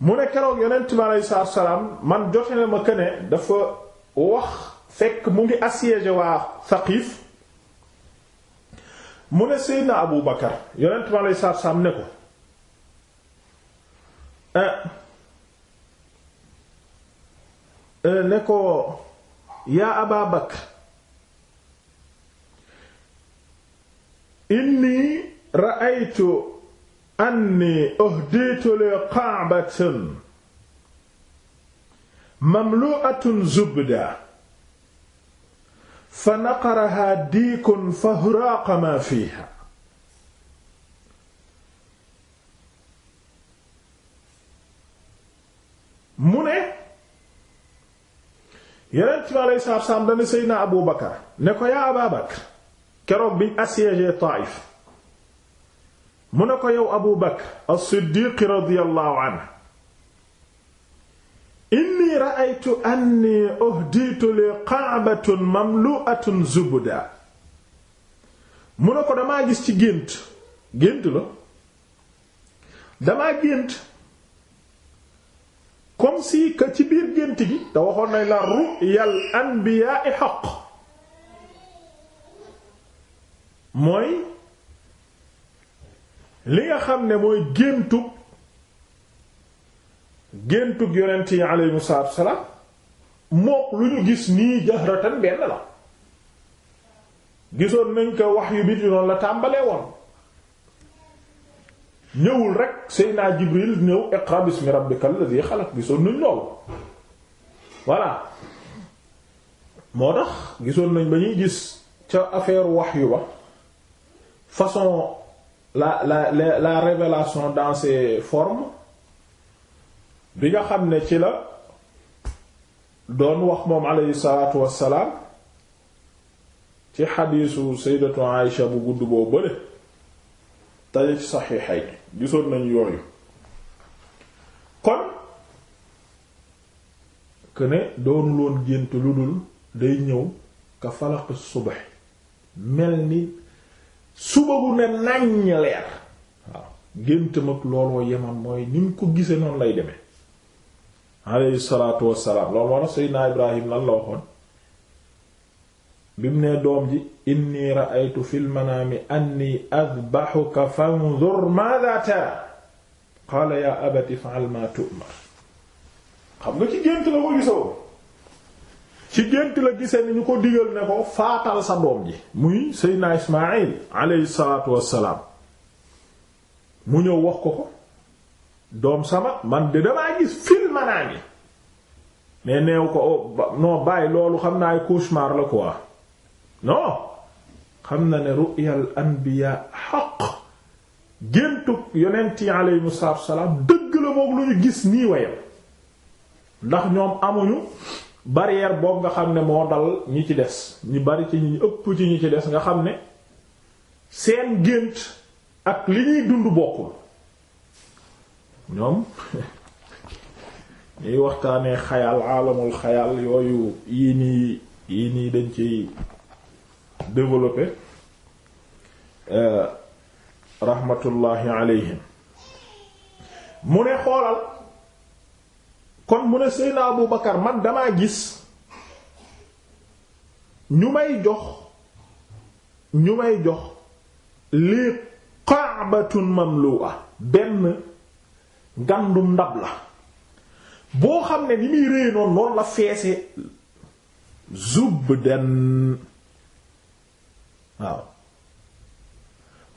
S1: mu ne keroog yonent bi aleyhi salaatu man jote na ma këne dafa wax fekk mu ngi assiégé waa Saqiif mu ne Seydina Abu Bakar yonent bi aleyhi salaatu ne ko eh, eh, ne ko yaa Aba Bakar inni ra'aytu anni uhditu li qa'batun mamlu'atun zubda fa naqaraha diikun fa huraaqa ma fiiha mu ne yonent bi alayhi salaatu wa salaam dana Seydina Abu Bakar ne ko yaa Abaa Bakar keroog biñ assiégé Taïf mu ne ko yow abu bakr as-siddiq radiyallahu anhu inni ra'aytu anni uhditu li qa'batun mamlu'atun zubda mu ne ko damaa gis ci gént gént la damaa gént comme si que ci biir gént gi te waxoon nañ la ru'yal anbiya'i haqq mooy li nga xam ne mooy géntu géntu yonent yi aleyhimu salaatu wassalaam mook lu ñu gis nii jahratan benn la gisoon nañ ko wax yu bit yu la tàmbalee woon ñëwul rek Seydina Jibril ñëw iqra bismi rabbikal ladhi xalaq gisoon nañ loolu voilà moo tax gisoon nañ ba ñuy gis ca affaire wax yu ba façon la la la la révélation dans ses bi nga xam ne ci la doon wax moom aleyhi salaatu wassalaam ci xadiisu sayyidatu Aïsha bu gudd boo bële taje ci saxiixay gisoon nañu yooyu kon que ne doonuloon gént lu dul day ñëw ka falax subax mel ni suba bu ne naññ leer waaw géntam ak looloo yeman mooy ni ko gise noonu lay demee alayhi salaatu wassalaam loolu moo tax seydinaa ibrahim lan waxoon bi mu nee doom ji inni ra'aytu fil manaami anni adbahuka fanzur maadha tara qaala yaa abati fa'al maa tu'mar xam nga ci gént la ko gisoo ci gént la gisee ni ñu ko digal ne ko faatal sa doom ji muy seydna ismail aleyhi salaatu wassalaam mu ñëw wax ko ko doom sama man de damaa gis fil manaa gi mais neew ko oh, non bàyyi loolu xam naa ay cauchemar la quoi non xam na ne ru'yal anbiya xaq géntug yonent yi aleyhimu salaatu dëgg la moom lu ñu gis nii wayam ndax ñoom amuñu barrière boobu nga xam ne moo dal ñi ci des ñi bari ci ñi ëpp ci ñi ci des nga xam ne seen gént ak li ñuy dund bokkul ñoom ñuy waxtaanee xayal aalamul xayal yooyu yii nii yii nii dañ ciy développer euh, rahmatullahi alayhim mu ne xoolal kon mu ne Seydina Abu Bakar man damaa gis ñu may jox ñu may jox lii qa'batun mamlu'a benn gàndum ndab la boo xam ne ni muy réy noonu loolu la feese zubdan waaw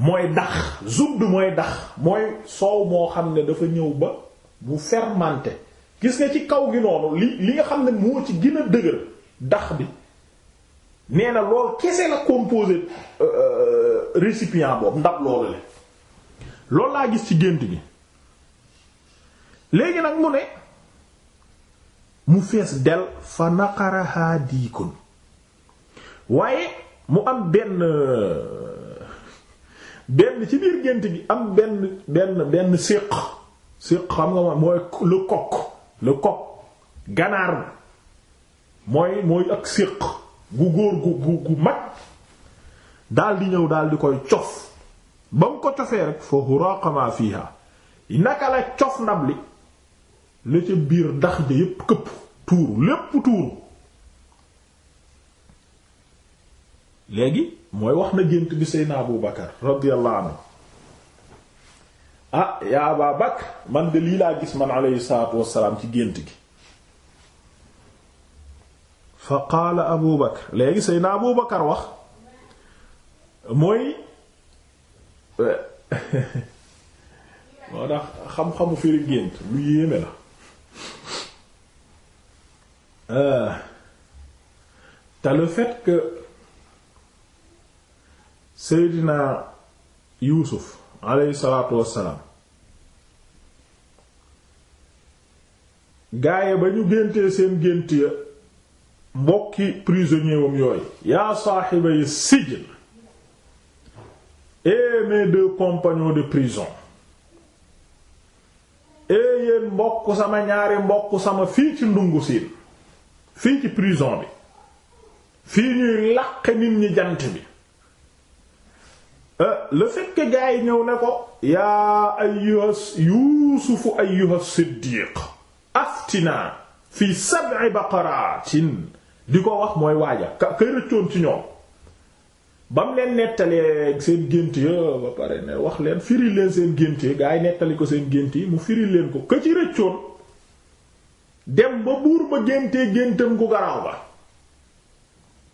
S1: mooy dax zubd mooy dax mooy soow moo xam ne dafa ñëw ba bu fermenté gis nga ci kaw gi noonu li li nga xam ne moo ci gën a dëgër dax bi nee na lool kese la composé euh, euh, récipient boobu ndab loolu le loolu laa gis ci gént gi léegi nag mu ne mu fees del fa naqaraha diikon waaye mu am benn benn ci biir gént bi am benn benn benn séq séq xam nga mooy le coq le coq ganaar mooy mooy ak séq gu góor gu gu gu mag daldi ñëw daldi di koy cof ba mu ko cofee rek fa huraqama fiha naka la cof ndab li la ca biir ndax ja yépp këpp tuuru lépp tuuru léegi mooy wax na gént bi Seydina Abu Bakar radiyallahu anhu ah yaa Aba Bakr man de lii laa gis man aleyhi salaatu wassalaam ci gént gi fa qaala Abu Bakr léegi sëy na Abu Bakr wax mooy moo tax xam-xamu firi gént lu yéeme la euh, te le fait que Yuusuf aleyhi salaatu wassalaam gaaye ba ñu géntee seen gént ya mbokki prisonnier wam yooyu yaa saaxiba yi sijn et eh, mes deux compagnons de prison et eh, yéen mbokk sama ñaari mbokk sama fii ci ndungu siin fii ci prison bi fii ñuy làq nit ñi jant bi Euh, le fait que yi ñëw ne ko yaa ayyuha yuusufu ayyuha siddiq aftina fi sab'i baqaratin di ko wax mooy waaja ka kay rëccoon ci ñoom ba mu leen nettalee seen gént ya ba pare ne wax leen firil leen seen gént ya gaa yi nettali ko seen gént yi mu firil leen ko ka ci rëccoon dem ba buur ba géntee géntam gu garaaw ba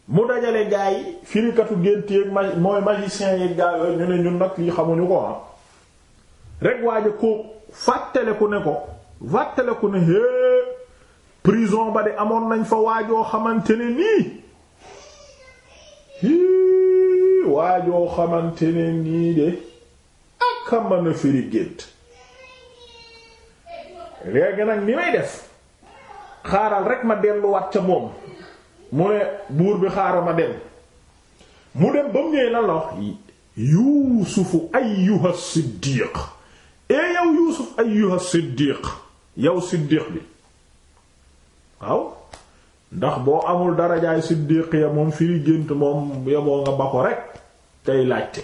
S1: mu dajale gaa yi firikatu gént yeeg ma mooy magicien yeeg gaa yooyu ñu ne ñun nag lii xamuñu ko ah rek waaja ko fàttaleku ne ko fàttaleku ne hee prison ba de amoon nañ fa waajoo xamante ne nii hii waajoo xamante ne nii de ak a mën a firi gént léegi nag ni may def xaaral rek ma delluwaat ca moom mu ne buur bi xaaral ma dem mu dem ba mu ñëwee lan la wax yuusufu ayyuha siddiq e eh yow yuusuf ayyuha siddiq yow siddiq bi waaw ndax boo amul darajaay siddiq ya moom firi gént moom yoboo nga ba ko rek tey laajte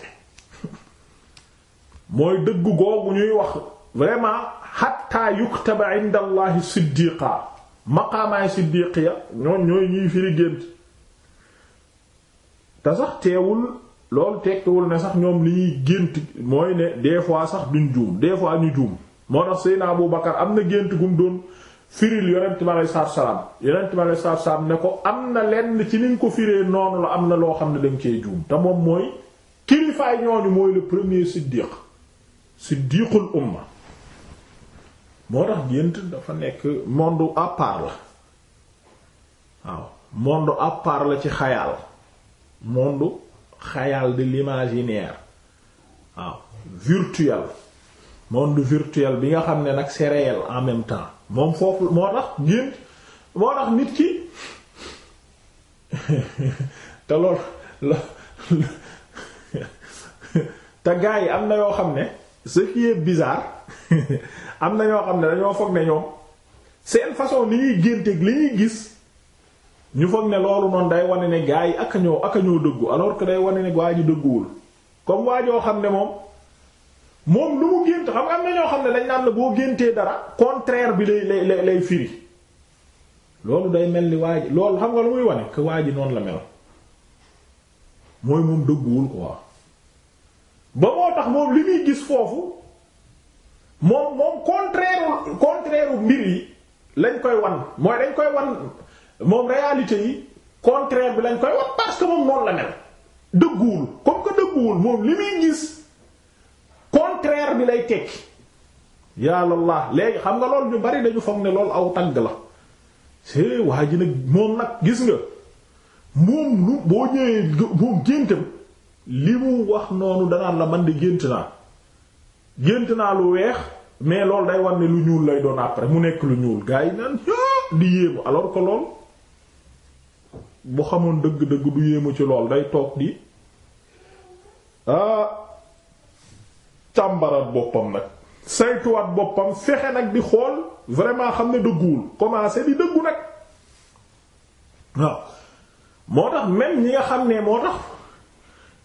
S1: mooy dëgg googu ñuy wax vraiment xatta yuktaba inda allahi siddiqa maqaamaay siddiqiya ñoon ñooy ñuy firi gént te sax teewul loolu tekkiwul ne sax ñoom li ñuy gént mooy ne des fois sax duñ juum des fois ñu juum moo tax Seydina Abu Bakar am na gént gum doon firil yonent bi aleyhi salaatu salaam yonent bi aleyhi ne ko am na lenn ci niñ ko firee noonu la am na loo xam ne dañ cee juum te moom mooy kilifaay ñooñu mooy le premier siddiq siddiqul umma moo tax gént dafa nekk monde à part la waaw monde à la ci xayaal monde xayaal de l'imaginaire waaw virtuel monde virtuel bi nga xam ne nag c'est en même temps moom foofu moo tax gént moo tax nit ki te lool la te gars yi am na yoo xam ne ce qui est bizarre am na ñoo xam ne dañoo foog ne ñoom seen façon li ñuy génteeg li ñuy gis ñu foog ne loolu noonu day wane ne gaa yi ak ñoo ak ñoo dëggu alors que day wane ne waa ji dëgguwul comme waa joo xam ne moom moom lu mu gént xam nga am na ñoo xam ne dañ naan la boo géntee dara contraire bi lay lay loolu day mel ni waa ji xam nga lu muy wane que waa ji noonu la mel mooy moom dëgguwul quoi ba moo tax moom li muy gis foofu. moom moom contraire contraire mbir yi lañ koy wan mooy dañ koy wan moom réalité yi contraire bi lañ koy wan parce que moom la mel dëgguwul comme que dëgguwul moom li muy gis contraire bi lay tekki yàlla la léegi xam nga loolu ñu bari dañu foog ne loolu aw tagg la see waa ji nag moom nag gis nga moom lu boo ñëwee moom géntam li mu wax noonu danaan la man di gént naa gént naa lu weex mais loolu day war ne lu ñuul lay doon après mu nekk lu ñuul gars yi naan di yéemu alors que lool bu xamoon dëgg-dëgg du yéemu ci lool day toog di ah càmbaraat boppam nag saytuwaat boppam fexe nag di xool vraiment xam ne dëgguwul commencé di dëggu nag waaw moo tax même ñi nga xam ne moo tax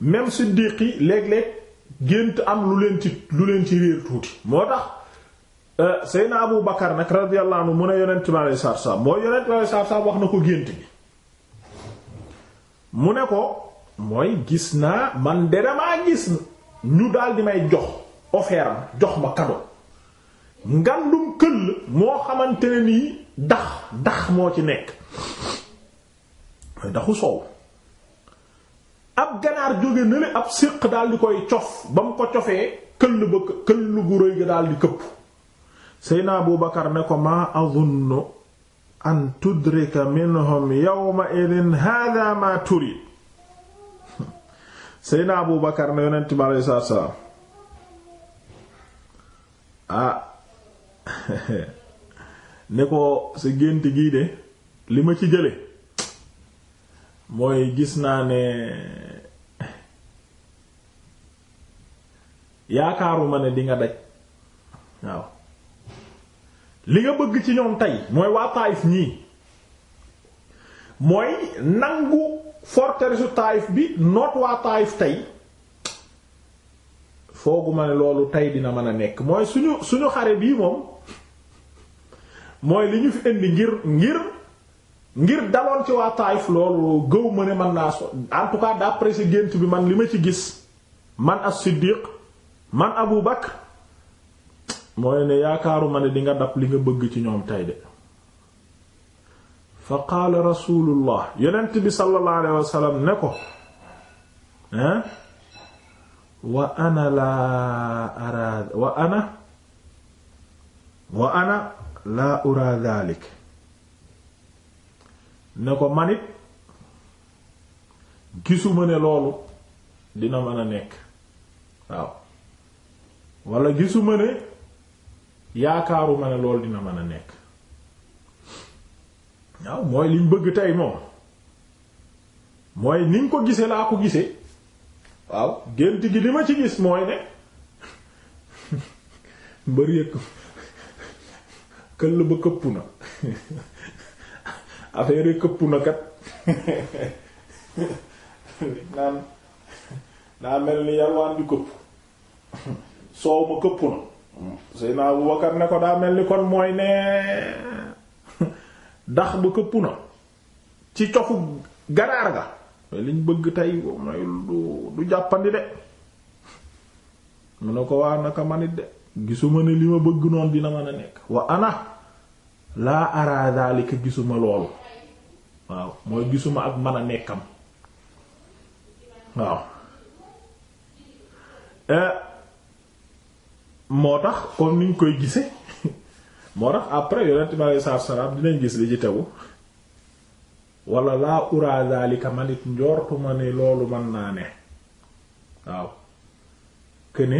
S1: même siddiq yi léeg-léeg gént am lu leen ci lu leen ci réer tuuti moo tax euh, Seydina Abu Bakar nag radiyallahu anhu mu ne yonent ma lay sarsam mooy yonent ma lay sarsam wax na ko gént bi mu ne ko mooy gis naa man de damaa gis ñu daal di may jox offert jox ma cadeau ngandum kël moo xamante ne nii dax dax moo ci nekk daxu soow ab ganaar jóge na le ab séq daal koy cof ba mu ko cofee këll ba këll gu rëy ga daal di këpp seyna Abu Bakar ne ko maa azunnu an tudrika minhum yawma idin hadha ma turid seyna Abu Bakar ne yonent bi aleyhi salaatu salaam ah, ne ko sa gént gii de li ma ci jële mooy gis naa ne yaakaaruma ne dinga nga daj waaw li nga bëgg ci ñoom tey mooy waa Taïf ñii mooy nangu forteresse Taïf bi noot waa Taïf tey fooguma ne loolu tey dina mën a nekk mooy suñu suñu xare bii moom mooy li ñu fi indi ngir ngir ngir daloon ci waa Taayif loolu gëw ma ne man naa so en tout cas d'après sa gént bi man li ma ci gis man as-Siddiq man Abu Bakr mooy ne yaakaaru ma ne di nga dab li nga bëgg ci ñoom tey de fa qaala rasulullah yonent bi sallallahu alayhi wa ne ko hein ana wa ana laa ura dhalik ne ko manit gisuma ne loolu dina mën a nekk waaw wala gisuma ne yaakaaruma ne loolu dina mën a nekk waaw mooy liñ bëgg tey moom mooy ni ko gisee laa ko gisee waaw gént gi li ma ci gis mooy ne mbër yëg këll ba këpp na affaire këpp na naan daa mel ni yarwaan bi këpp soow ma këpp na sëy naa Abu Bakar ne ko daa mel ni kon mooy ne dax ba këpp na ci cofu ganaar ga liñ bëgg tey mooy du jàppandi de mu ne ko waa naka manit de gisuma ne li ma bëgg noonu dina mën a nekk wa ana laa ara gisuma loolu waaw mooy gisuma ak mën a nekkam waaw eh, moo tax comme niñ koy gise moo tax après yonent bi alei salaatu salaam dinañ gis li ci tegu wala laa ura daalika man it njoortuma ne loolu mën naa ne waaw que ne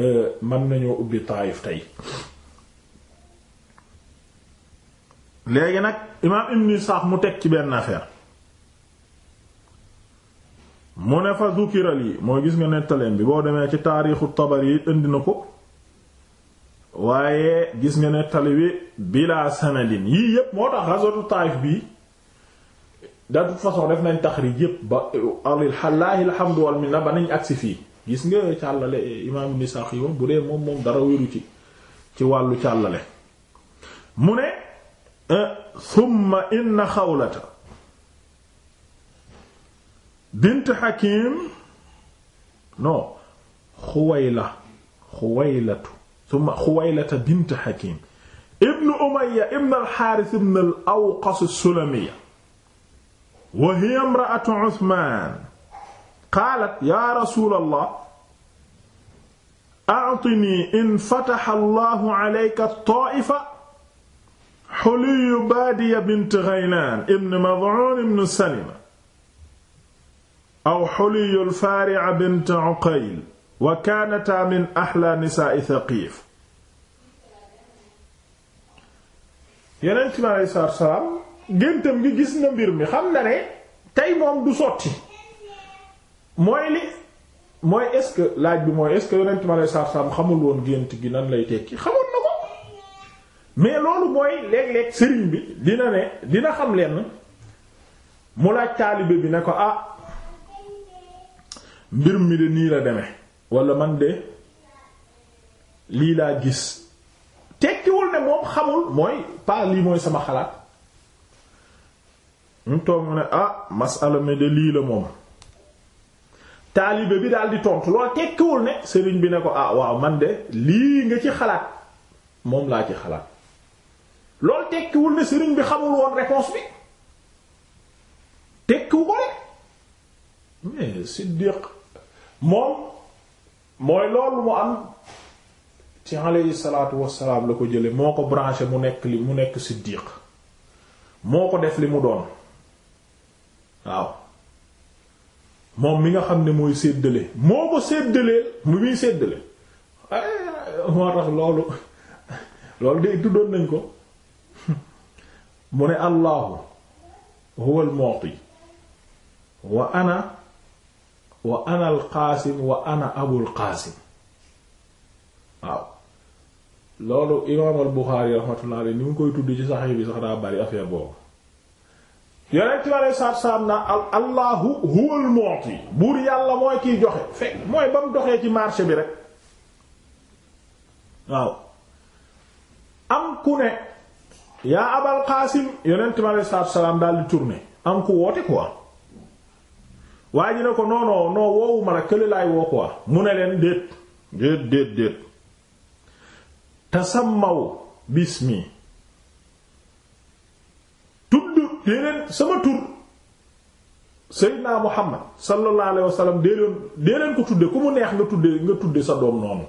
S1: eh, mën nañoo ubbi Taayif tey léegi nag imaam ibn Isaaq mu teg ci benn affaire mu ne fa zukiral yi mooy gis nga nettaleen bi boo demee ci taarixu Tabari yi indi na ko waaye gis nga nettali bi bila sanadin yii yépp moo tax ghazwatu Taayif bi de toute façon def nañ taxrij yépp ba alillaahi alhamdu wal minna ba nañ agsi fii gis nga càllale imaam ibn Isaaq yi bu dee moom moom dara wéru ci ci wàllu càllale mu ne Eh, summa inna xawlata bint Hakim non xuwayla xuwaylatu summa xuwaylata bint Hakim ibn Umayya ibn al-Harith ibn al-Awqas as-Sulamiyya wa hiya imra'atu Uthman qaalat ya rasulallah a'tini in fataha Allahu alayka at-ta'ifa Huliyyu Baadiya bint Ghaynaan ibn Mad'uun ibn Salima aw Huliyyu al bint Uqayl wa kaanataa min ahlaa nisaa'i Thaqiif géntam gi gis na mbir mi xam na ne tey moom du sotti mooy li mooy est laaj bi mooy est-ce que xamul woon gént gi nan lay tekki mais loolu mooy léeg-léeg sëriñ bi dina ne dina xam leen mu laaj taalibe bi ne ko ah mbir mi de nii la demee wala man de lii laa gis tekkiwul ne moom xamul mooy pas lii mooy sama xalaat mu toog mu ne ah masala mi de lii la moom taalibe bi daal di tontu loolu tekkiwul ne sëriñ bi ne ko ah waaw man de lii nga ci xalaat moom laa ci xalaat loolu tekkiwul ne sëriñ bi xamul woon réponse bi tekkiwu ko de mais Siddiq moom mooy loolu mu am ci alayhi salaatu wassalaam la ko jële moo ko branché mu nekk li mu nekk Siddiq moo ko def li mu doon waaw moom mi nga xam ne mooy séddale moo ko séddaleel mu muy séddale eh, moo tax loolu loolu de tuddoon nañ ko mu ne allahu huwa al-mu'ti wa ana wa ana al-qaasim wa ana abu al-qaasim waaw loolu imaam al-Buxaari ni mu koy tudd ci saxiix bi sax daa bari boobu yonent bi aleyhi salaatu salaam allahu huwa al-mu'ti buur yàlla mooy kiy joxe fekk mooy ba mu doxee ci marché bi rek waaw am ku ne yaa abal qaasim yonent mi aleyhi salaatu salaam daal di tourné am ku woote quoi waaye ji ne ko non noo non woowu ma la kële laay woo quoi mu ne leen déet déet déet déet tasammaw bismi tudd yeneen sama tur Seydina Muhammad sallallahu alayhi wa sallam dee leen dee leen ko tudde ku mu neex nga tudde nga tudde sa doom noonu.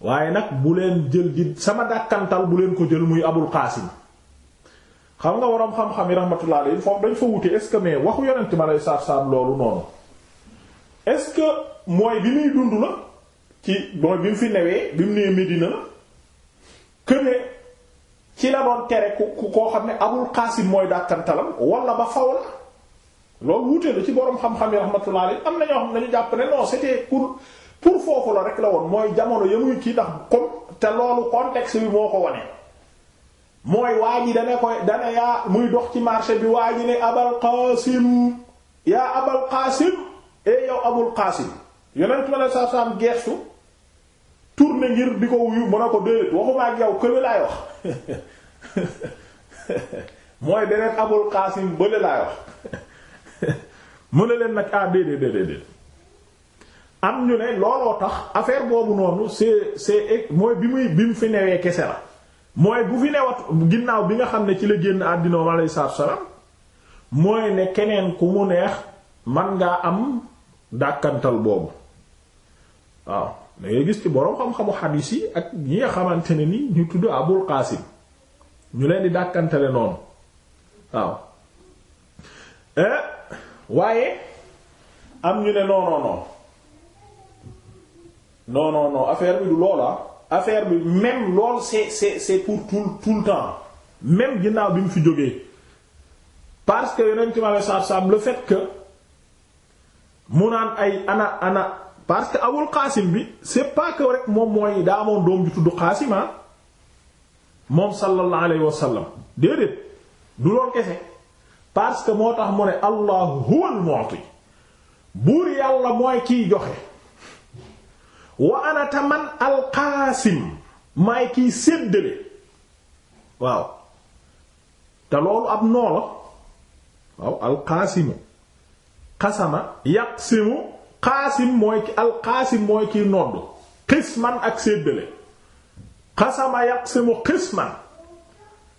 S1: waaye nag bu leen jël di sama dàkkantal bu leen ko jël muy abul qaasim xam nga waroom xam-xam yi rahmatullah alayhi foofu dañ fa wute est mais waxu yonent ma lay saab-saab loolu noonu est-ce que mooy bi muy dund la ci mooy bi mu fi newee bi mu nee Medina la këne ci la doon tere ku koo xam ne abul qaasim mooy dàkkantalam wala ba faw la loolu wute la ci boroom xam-xam yi rahmatullah alayhi am na ñoo xam ne dañu jàpp ne pour pour foofu la rek la woon mooy jamono ya muy kii ndax comme te loolu contexte bi moo ko wane mooy waa ji dana koy dana yaa muy dox ci marché bi waa ji ne abal qaasim yaa abal qaasim e yow abul qaasim yonent ma ne saa saa geestu tourné ngir di ko wuyu mën a ko déedéet waxuma ak yow kële beneen abul qaasim bële laay ne leen nag ah am ñu ne looloo tax affaire boobu noonu c'est c'est mooy bi muy bi mu fi newee kese la mooy bu fi newat ginnaaw bi nga xam ne ci la génn àddina moom alayhi salaatu salaam mooy ne keneen ku mu neex man ngaa am dàkkantal boobu waaw da gis ci boroom xam-xamu xadiis yi ak ñi nga xamante ne ni ñu tudd Abul Qaasim ñu leen di dàkkantale noonu waaw eh, waaye am ñu ne non non non non non affaire bi du loola affaire bi même lool c'est c'est c'est pour tout tout le temps même ginnaaw bi mu fi jógee parce que yeneen ci ma saab le fait que mu naan ay ana ana parce que Abul Qasim bi c'est pas que rek moom mooy daa amoon doom ju tudd Qasim ah moom sallallahu alayhi déedéet du lool kese parce que moo tax mu ne Allah huwal mu'ti buur yàlla mooy kiy joxe. wa anata man alqaasim maay kiy séddale waaw te loolu ab noola waaw alqaasimu xasama yaqsimu qaasim mooy ki alqaasim mooy kiy nodd qisman ak séddale qasama yaqsimu qisman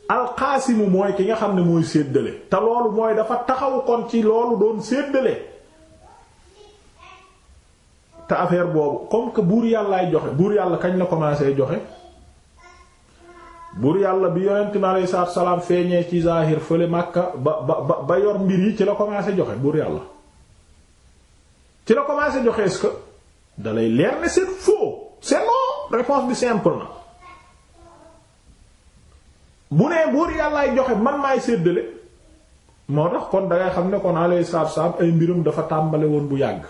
S1: alqaasimu mooy ki nga xam ne mooy séddale te loolu mooy dafa taxaw kon ci loolu doon séddale te affaire boobu comme que buur yàllaay joxe buur yàlla kañ la commencé joxe buur yàlla bi yonent mi feeñee ci zahir fële Makka ba ba ba yor mbir yi ci la commencé joxe buur yàlla ci la commencé joxe est-ce leer ne c'est faux c'est non réponse bi simple na bu nee buur yàllaay joxe man maay séddale moo tax kon dangay xam ne kon aleyhi salaatu salaam ay mbirum dafa tàmbale woon bu yàgg.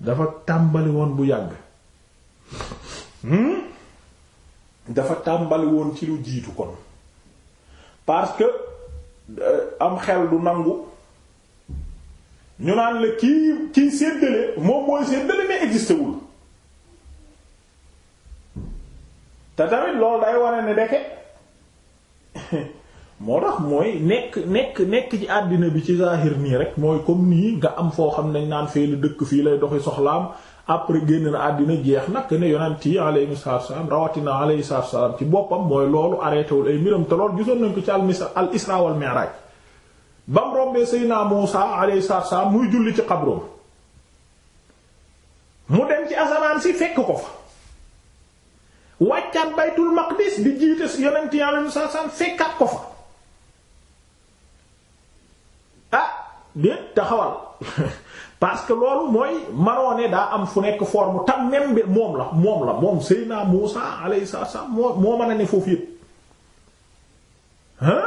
S1: dafa tàmbali woon bu yàgg hmm? dafa tàmbali woon ci lu jiitu kon parce que euh, am xel du nangu ñu naan la kii kii séddale moom mooy séddale mais existé wul te tamit loolu day wone ne deke moo tax mooy nekk nekk nekk ci àddina bi ci zahir nii rek mooy comme nii nga am foo xam nañ naan fee la dëkk fii lay doxi soxlaam après génn na àddina jeex nag ne yonent yi alayhi salaatu rawatina alayhi salaatu ci boppam mooy loolu arrêté wul ay mbiram nañ ko ci al isra wal mi'raj ba mu rombee Seydina Muusa alayhi salaatu muy julli ci xabroom mu dem ci asamaan si fekk ko fa wàccaat baytul maqdis di jiite yonent yi alayhi salaatu ko fa déet taxawal parce que loolu mooy manoo ne daa am fu nekk forme tam même moom la moom la moom Seydina Muusa alayhi salaam moo moo mën a ne foofu yëpp hein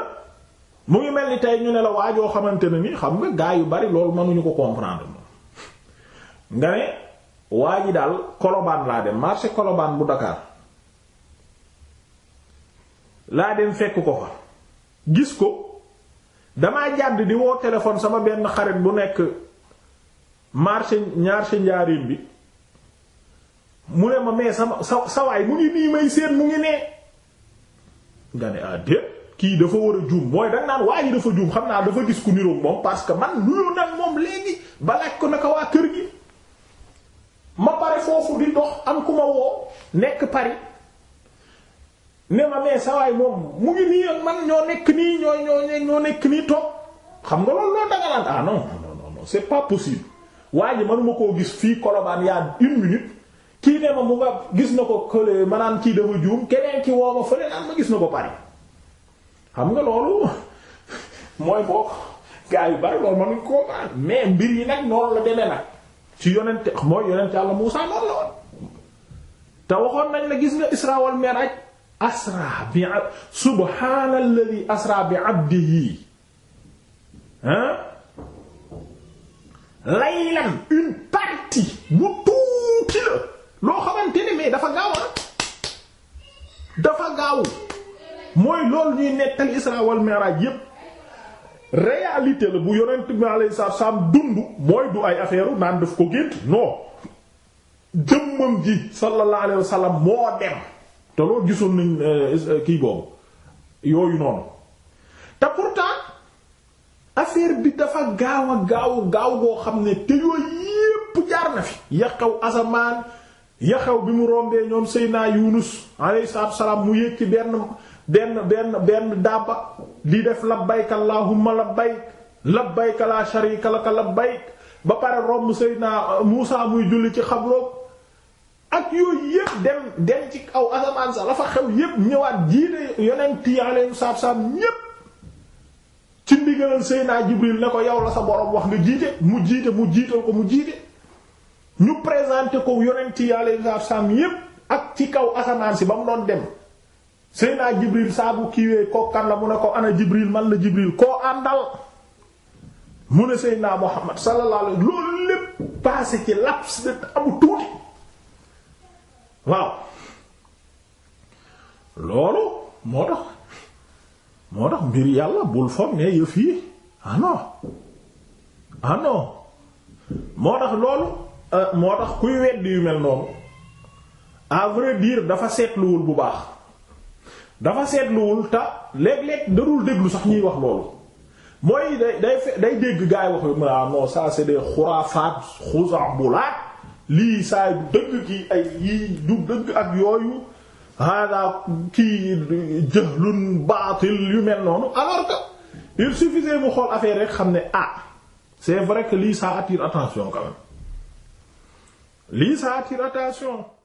S1: mu ngi mel ni tey ñu ne la waajoo xamante ne ni xam nga gaa yu bari loolu mënuñu ko comprendre moom nga ne waa ji daal kolobaan laa dem marché kolobaan bu Dakar laa dem fekk ko fa gis ko damaa jàdd di woo téléphone sama benn xarit bu nekk marché marché njaarim bi mu ne ma mais sama sa sawaay mu ngi nii may seen mu ngi nee nga ne ah déet kii dafa war a juum mooy danga naan waa dafa juum xam naa dafa gis ku niroog moom parce que man nuyoo nag moom léegi ba laaj ko naka waa kër gi ma pare foofu di dox am ku ma woo nekk Paris ne ma mais sa moom mu ngi nii ak man ñoo nekk nii ñoo nekk nii toog xam nga loolu loolu danga naan koo gis fii Colobane yaa gis na ko kële ma naan kii dafa juum ki woo ma fële naan na ko Paris xam nga mooy bokk gaa yu bari loolu mënuñ koo baal mais mbir yi nag noonu la demee nag ci yonente mooy yonente Yàlla Muusaa noonu la woon te waxoon nañ la gis nga Isra wal asra bi subhaanalladhi asra bi abdihi hein laylan une partie bu tuuti la loo xamante ne mais dafa gaaw ah. dafa gaaw mooy loolu ñuy nettali isra wal yépp réalité la bu yonent bi alayhi salaatu salaam dund mooy du ay affaire naan daf ko gént non jëmmam ji sallallahu alayhi moo dem te loolu gisoon nañ euh, euh, kii boobu yooyu noonu te pourtant affaire bi dafa gaaw a gaaw goo xam ne te yooyu yépp jaar na fi yaxaw asamaan yaxaw bi mu rombee ñoom Seydina Yunus alayhi salaam mu yëg ci benn benn benn benn dàbba di def labbayk allahumma labbayk labbayk la sharika laka labbayk ba pare romb naa Muusa muy julli ci xabroog ak yooyu yëpp dem dem ci kaw asamaan sax la xew yëpp ñëwaat jiite yonent yi alayhim salaatu salaam ñépp ci ndigalal Seydina Jibril ne ko yow la sa borom wax nga jiite mu jiite mu jiital ko mu jiite ñu présenté ko yonent yi alayhim salaatu salaam yépp ak ci kaw asamaan si ba mu doon dem Seydina Jibril saa bu kiiwee kokkan la mu ne ko ana Jibril man la Jibril koo àndal mu ne Seydina Muhammad sallallahu alayhi loolu lépp passé ci laps de abu tuuti waaw loolu moo tax moo tax mbir yàlla bul foog ne yëf yi ah non ah non moo tax loolu euh, moo tax kuy weddi yu mel noonu à vrai dafa seetluwul bu baax dafa seetluwul te léeg-léeg darul déglu sax ñuy wax loolu mooy day day day dégg gaa yi wax yu mu ne ah non ça c'est xuraafaat xuzambulaat lii saay du dëgg kii ay yii du dëgg ak yooyu hada kii jëhlun baatil yu mel noonu alors que il suffisait mu xool affaire rek xam ne ah c'est vrai que lii ça attire attention quand même lii ça attire attention